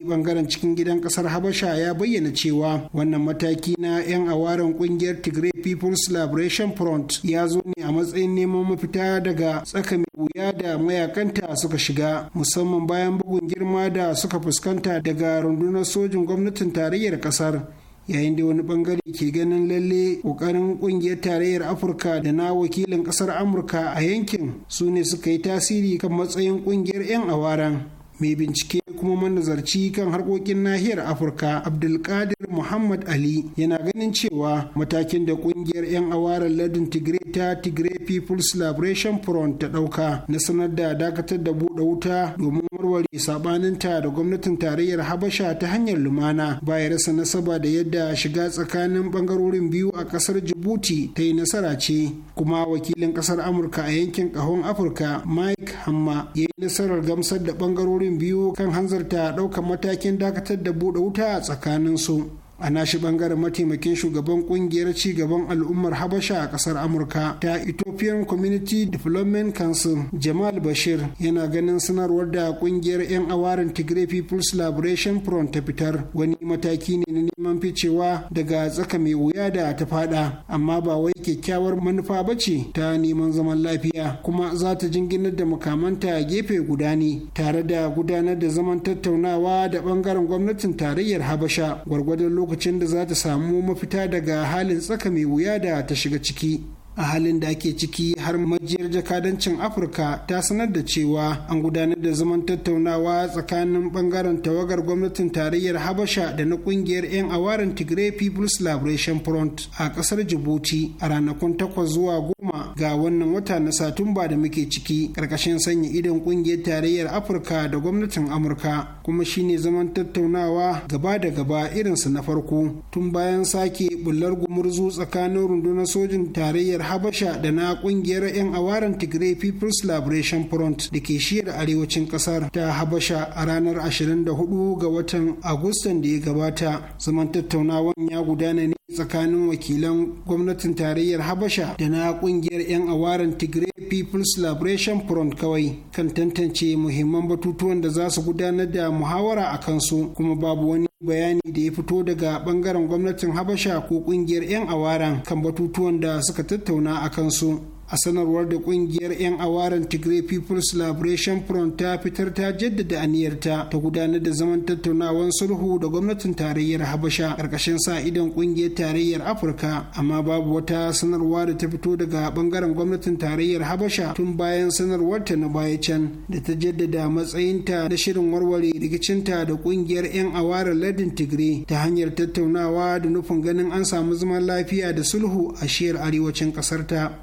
bangaren cikin gidan kasar habasha ya bayyana cewa wannan mataki na 'yan awaren kungiyar tigray people's liberation front ya zo ne a matsayin neman mafita daga tsaka mai wuya da mayakanta suka shiga musamman bayan bugun girma da suka fuskanta daga rundunar sojin gwamnatin tarayyar kasar yayin da wani bangare ke ganin lalle kokarin kungiyar tarayyar afirka da na wakilin kasar amurka a yankin su ne suka yi tasiri kan matsayin kungiyar 'yan awaran mai bincike kuma manazarci kan harkokin nahiyar afirka abdulkadir muhammad ali yana ganin cewa matakin da kungiyar 'yan awarar ladin tigray ta tigray people's liberation front ta dauka na sanar da dakatar da buɗe wuta domin warware sabaninta da gwamnatin tarayyar habasha ta hanyar lumana ba rasa nasaba da yadda shiga tsakanin bangarorin biyu a kasar jibuti ta yi nasara ce kuma wakilin kasar amurka a yankin kahon afirka mike hamma ya yi nasarar gamsar da bangarorin biyu kan hanzarta ɗauka matakin dakatar da buɗe wuta a su. a nashi bangaren mataimakin shugaban kungiyar gaban al'ummar habasha a kasar amurka ta ethiopian community development council jamal bashir yana ganin sanarwar da kungiyar 'yan awarin tigray people's liberation front ta fitar wani mataki ne na neman ficewa daga tsaka mai wuya da ta fada amma ba wai kyakkyawar manufa ba ce ta neman zaman lafiya kuma za ta jinginar da makamanta gefe guda ne tare da gudanar da zaman tattaunawa da bangaren gwamnatin tarayyar habasha gwargwadon lokacin da za ta samu mafita daga halin tsaka mai wuya da ta shiga ciki a halin da ake ciki har majiyar jakadancin afirka ta sanar da cewa an gudanar da zaman tattaunawa tsakanin bangaren tawagar gwamnatin tarayyar habasha da na kungiyar 'yan awarin tigray people's liberation front a kasar djibouti a ranakun 8 zuwa 10 ga wannan wata na satumba da muke ciki karkashin sanya idon kungiyar tarayyar afirka da gwamnatin amurka kuma shine zaman tattaunawa gaba da gaba irinsa na farko tun bayan sake bullar gumurzu tsakanin rundunar sojin tarayyar habasha da na kungiyar 'yan awaren tigray people's liberation front da ke da arewacin kasar ta habasha a ranar 24 ga watan agustan da ya gabata zaman tattaunawan ya gudana ne tsakanin wakilan gwamnatin tarayyar habasha da na kungiyar 'yan awaren tigray people's liberation front kawai kan tantance muhimman batutuwan da za su gudanar da muhawara a kansu kuma babu wani bayani da ya fito daga bangaren gwamnatin habasha ko kungiyar 'yan awaran kan batutuwan da suka tattauna a kansu a sanarwar da kungiyar 'yan awaran tigray people's liberation front ta fitar ta jaddada aniyarta ta gudanar da zaman tattaunawar sulhu da gwamnatin tarayyar habasha karkashin sa idan kungiyar tarayyar afirka amma babu wata sanarwa da ta fito daga bangaren gwamnatin tarayyar habasha tun bayan sanarwarta na baya can da ta jaddada matsayinta na shirin warware rikicinta da kungiyar 'yan awaren ladin tigray ta hanyar tattaunawa da nufin ganin an samu zaman lafiya da sulhu a shiyar arewacin kasar ta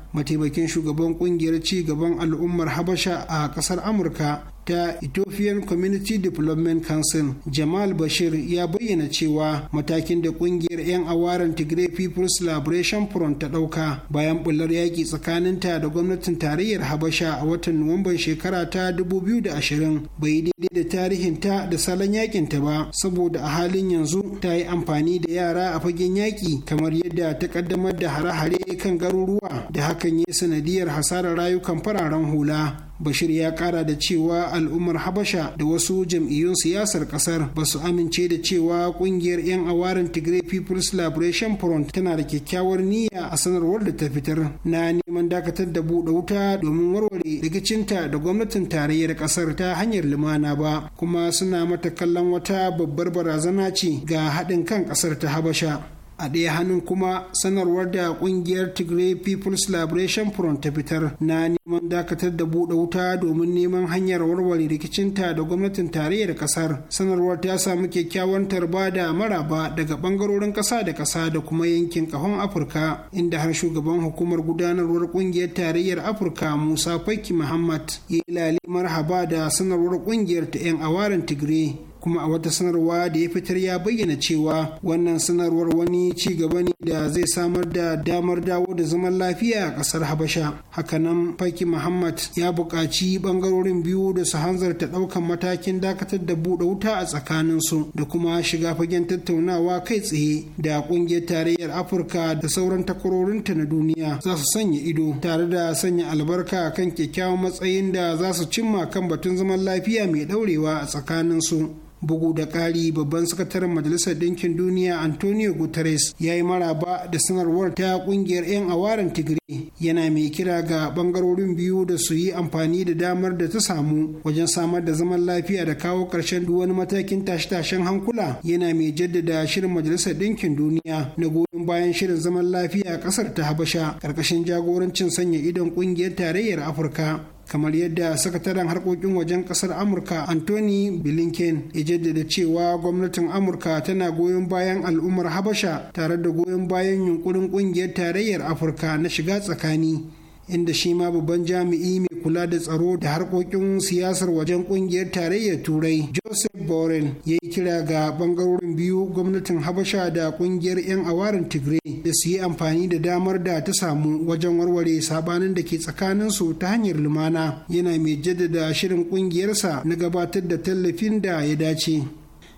mataimakin shugaban kungiyar ci gaban al'ummar habasha a kasar amurka ta Ethiopian Community Development Council Jamal Bashir ya bayyana cewa matakin da kungiyar 'yan awaren Tigray People's Liberation Front ta ɗauka bayan bullar yaƙi tsakaninta da gwamnatin tarayyar Habasha a watan Nuwamban shekara ta 2020 bai daidai da tarihinta da salon ta ba saboda a halin yanzu ta yi amfani da yara a fagen yaƙi kamar yadda ta ƙaddamar da hare-hare kan garuruwa da hakan ya sanadiyar hasarar rayukan fararen hula bashir ya kara da cewa al'ummar habasha da wasu jam'iyyun siyasar kasar ba su amince da cewa kungiyar 'yan awarin tigray people's liberation front tana da kyakkyawar niyya a sanarwar da ta fitar na neman dakatar da buɗe wuta domin warware rikicinta da gwamnatin tarayyar kasar ta hanyar limana ba kuma suna mata kallon wata babbar barazana ce ga haɗin kan kasar ta habasha a ɗaya hannun kuma sanarwar da ƙungiyar tigray people's liberation front ta fitar na neman dakatar da buɗe wuta domin neman hanyar warware rikicinta da gwamnatin tarayyar ƙasar sanarwar ta samu kyakkyawan tarba da maraba daga ɓangarorin ƙasa da ƙasa da kuma yankin ƙahon afirka inda har shugaban hukumar gudanarwar ƙungiyar tarayyar afirka musa Fakki muhammad ya yi lalimar haba da sanarwar ƙungiyar ta 'yan awarin tigray kuma a wata sanarwa da ya fitar ya bayyana cewa wannan sanarwar wani ci gaba ne da zai samar da damar dawo da zaman lafiya a kasar habasha hakanan faki muhammad ya buƙaci bangarorin biyu da su hanzarta ɗaukan matakin dakatar da buɗe wuta a tsakanin su da kuma shiga fagen tattaunawa kai tsaye da ƙungiyar tarayyar afirka da sauran takwarorinta na duniya za su sanya ido tare da sanya albarka kan kyakkyawan matsayin da za su cimma kan batun zaman lafiya mai ɗaurewa a tsakanin su. bugu da ƙari babban sakataren majalisar ɗinkin duniya antonio guterres ya yi maraba da sanarwar ta ƙungiyar 'yan awaren tigray yana mai kira ga ɓangarorin biyu da su yi amfani da damar da ta samu wajen samar da zaman lafiya da kawo ƙarshen duk wani matakin tashe-tashen hankula yana mai jaddada shirin majalisar ɗinkin duniya na goyon bayan shirin zaman lafiya a ƙasar ta habasha ƙarƙashin jagorancin sanya idon ƙungiyar tarayyar afirka kamar yadda sakataren harkokin wajen kasar amurka anthony blinken ya jaddada cewa gwamnatin amurka tana goyon bayan al'ummar habasha tare da goyon bayan yunkurin kungiyar tarayyar afirka na shiga tsakani inda shi ma babban jami'i mai kula da tsaro da harkokin siyasar wajen kungiyar tarayyar turai joseph Boren ya yi kira ga bangarorin biyu gwamnatin habasha da kungiyar 'yan awarin tigray da su yi amfani da damar da ta samu wajen warware sabanin da ke tsakaninsu ta hanyar lumana yana mai jaddada shirin kungiyarsa na gabatar da tallafin da ya dace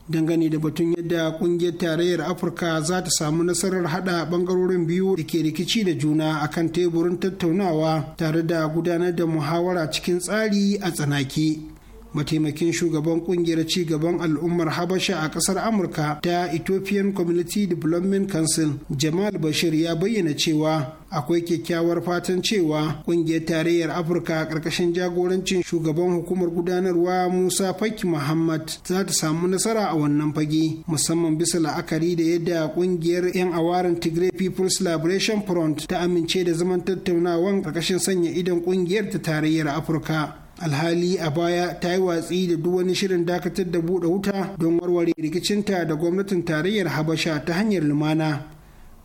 dangane da batun yadda kungiyar tarayyar afirka za ta samu nasarar hada bangarorin biyu da ke rikici da juna a kan teburin tattaunawa tare da gudanar da muhawara cikin tsari a tsanaki mataimakin shugaban kungiyar ci gaban al'ummar habasha a kasar amurka ta ethiopian community development council jamal bashir ya bayyana cewa akwai kyakkyawar fatan cewa kungiyar tarayyar afirka a jagorancin shugaban hukumar gudanarwa musa faki muhammad za ta samu nasara a wannan fage musamman bisa la'akari da yadda kungiyar 'yan awarin tigray people's liberation front ta amince da zaman tattaunawan ƙarƙashin sanya idon kungiyar ta tarayyar afirka alhali a baya ta yi watsi da duk wani shirin dakatar da buɗe wuta don warware rikicinta da gwamnatin tarayyar habasha ta hanyar lumana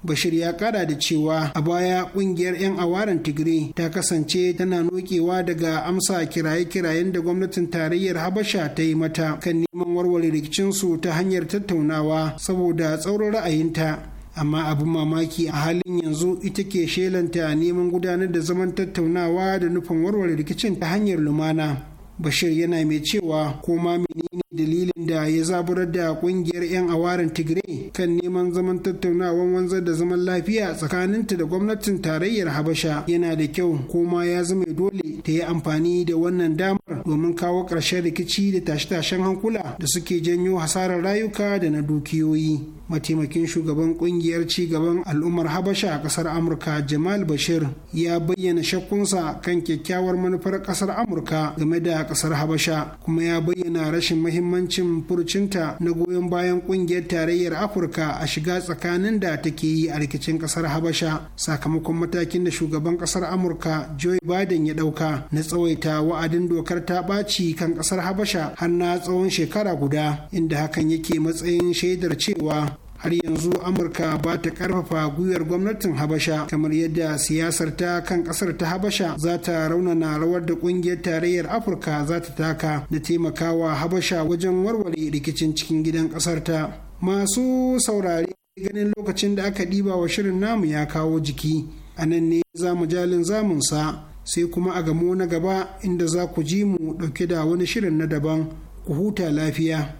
bashir ya kara da cewa a baya kungiyar 'yan awaren tigray ta kasance tana nokewa daga amsa kiraye-kirayen da gwamnatin tarayyar habasha ta yi mata kan neman warware rikicinsu ta hanyar tattaunawa saboda tsauron ra'ayinta amma abin mamaki a halin yanzu ita ke shelanta neman gudanar da zaman tattaunawa da nufin warware rikicin ta hanyar lumana bashir yana mai cewa ko ma menene dalilin da ya zaburar da kungiyar 'yan awarin tigray kan neman zaman tattaunawar wanzar da zaman lafiya tsakaninta da gwamnatin tarayyar habasha yana da kyau ko ma ya zama dole ta yi amfani da wannan damar domin kawo ƙarshen rikici da tashe-tashen hankula da suke janyo hasarar rayuka da na dukiyoyi mataimakin shugaban kungiyar ci gaban al'ummar habasha a kasar amurka jamal bashir ya bayyana shakkunsa kan kyakkyawar manufar kasar amurka game da kasar habasha kuma ya bayyana rashin mahimmancin furcinta na goyon bayan kungiyar tarayyar afirka a shiga tsakanin da take yi a rikicin kasar habasha sakamakon matakin da shugaban kasar amurka joe biden ya dauka na tsawaita wa'adin dokar ta ɓaci kan kasar habasha har na tsawon shekara guda inda hakan yake matsayin shaidar cewa har yanzu amurka ba ta karfafa gwiwar gwamnatin habasha kamar yadda siyasar ta kan kasar ta habasha za ta raunana rawar da kungiyar tarayyar afirka za ta taka da taimakawa habasha wajen warware rikicin cikin gidan kasar ta masu saurare ganin lokacin da aka ɗiba wa shirin namu ya kawo jiki a nan ne za mu jalin zamunsa sai kuma a gamo na gaba inda za ku ji mu ɗauke da wani shirin na daban ku huta lafiya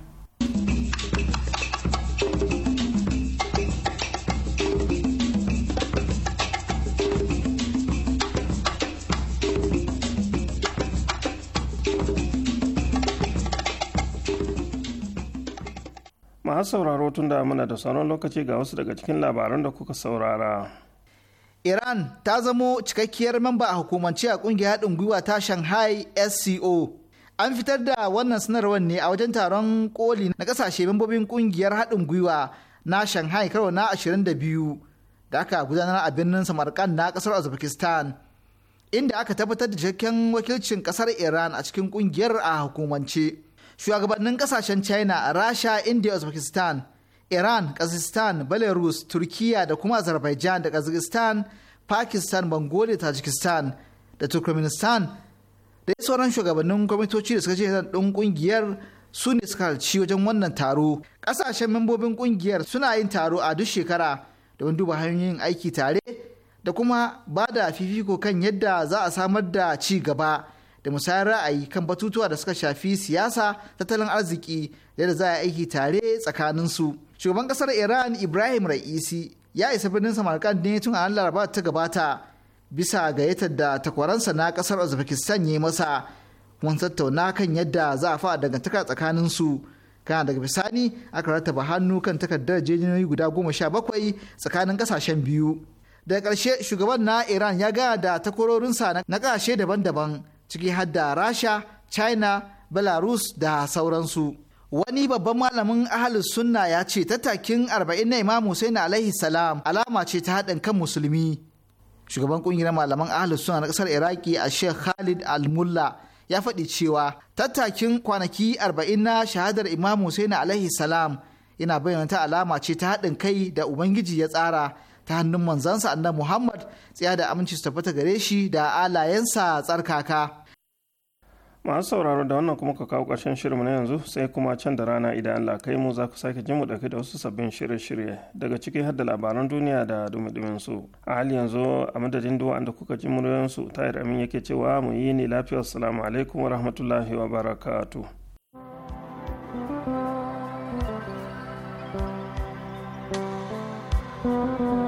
masu sauraro tun da muna da sauran lokaci ga wasu daga cikin labaran da kuka saurara. Iran ta zamo cikakkiyar mamba a hukumance a kungiyar haɗin gwiwa ta Shanghai SCO. An fitar da wannan sanarwar ne a wajen taron koli na ƙasashe mambobin kungiyar haɗin gwiwa na Shanghai karo na 22 da aka gudanar a birnin Samarkand na ƙasar Uzbekistan. Inda aka tabbatar da cikakken wakilcin ƙasar Iran a cikin kungiyar a hukumance. shugabannin kasashen china rasha india uzbekistan iran kazakhstan belarus turkiya da kuma azerbaijan da kazakhstan pakistan mongolia tajikistan da turkmenistan da ya sauran shugabannin gwamnatoci da suka ce ɗin ƙungiyar su ne suka halci wajen wannan taro ƙasashen membobin ƙungiyar suna yin taro a duk shekara domin duba hanyoyin aiki tare da kuma ba da fifiko kan yadda za a samar da ci gaba da musayar ra'ayi kan batutuwa da suka shafi siyasa tattalin arziki da yadda za a aiki tare tsakanin su shugaban kasar iran ibrahim ra'isi ya isa birnin samarkand ne tun a laraba ta gabata bisa ga gayyatar da takwaransa na kasar uzbekistan ya yi masa kuma tattauna kan yadda za a fa dangantaka tsakanin su kana daga bisani aka rattaba hannu kan takardar jejinoyi guda goma sha bakwai tsakanin kasashen biyu daga karshe shugaban na iran ya gaya da takwarorinsa na ƙasashe daban-daban ciki har da rasha china belarus da sauransu wani babban malamin ahalus sunna ya ce tattakin arba'in na imam hussein alaihi salam alama ce ta haɗin kan musulmi shugaban kungiyar malaman ahalus sunna na ƙasar iraki a sheikh khalid al-mulla ya faɗi cewa tattakin kwanaki arba'in na shahadar imam hussein alaihi salam yana bayyana ta alama ce ta haɗin kai da ubangiji ya tsara ta hannun manzansa annabi muhammad tsaya da aminci su tabbata gare shi da alayensa tsarkaka masu sauraro da wannan kuma ka kawo ƙarshen shirinmu na yanzu sai kuma can da rana idan Allah kai mu za ku sake jin mu dauke da wasu sabbin shirye-shirye daga ciki har da labaran duniya da dumi dumin su a hali yanzu a madadin duwa da kuka ji muryoyin su tayar amin yake cewa mu yi ni lafiya assalamu alaikum wa rahmatullahi wa barakatu. thank you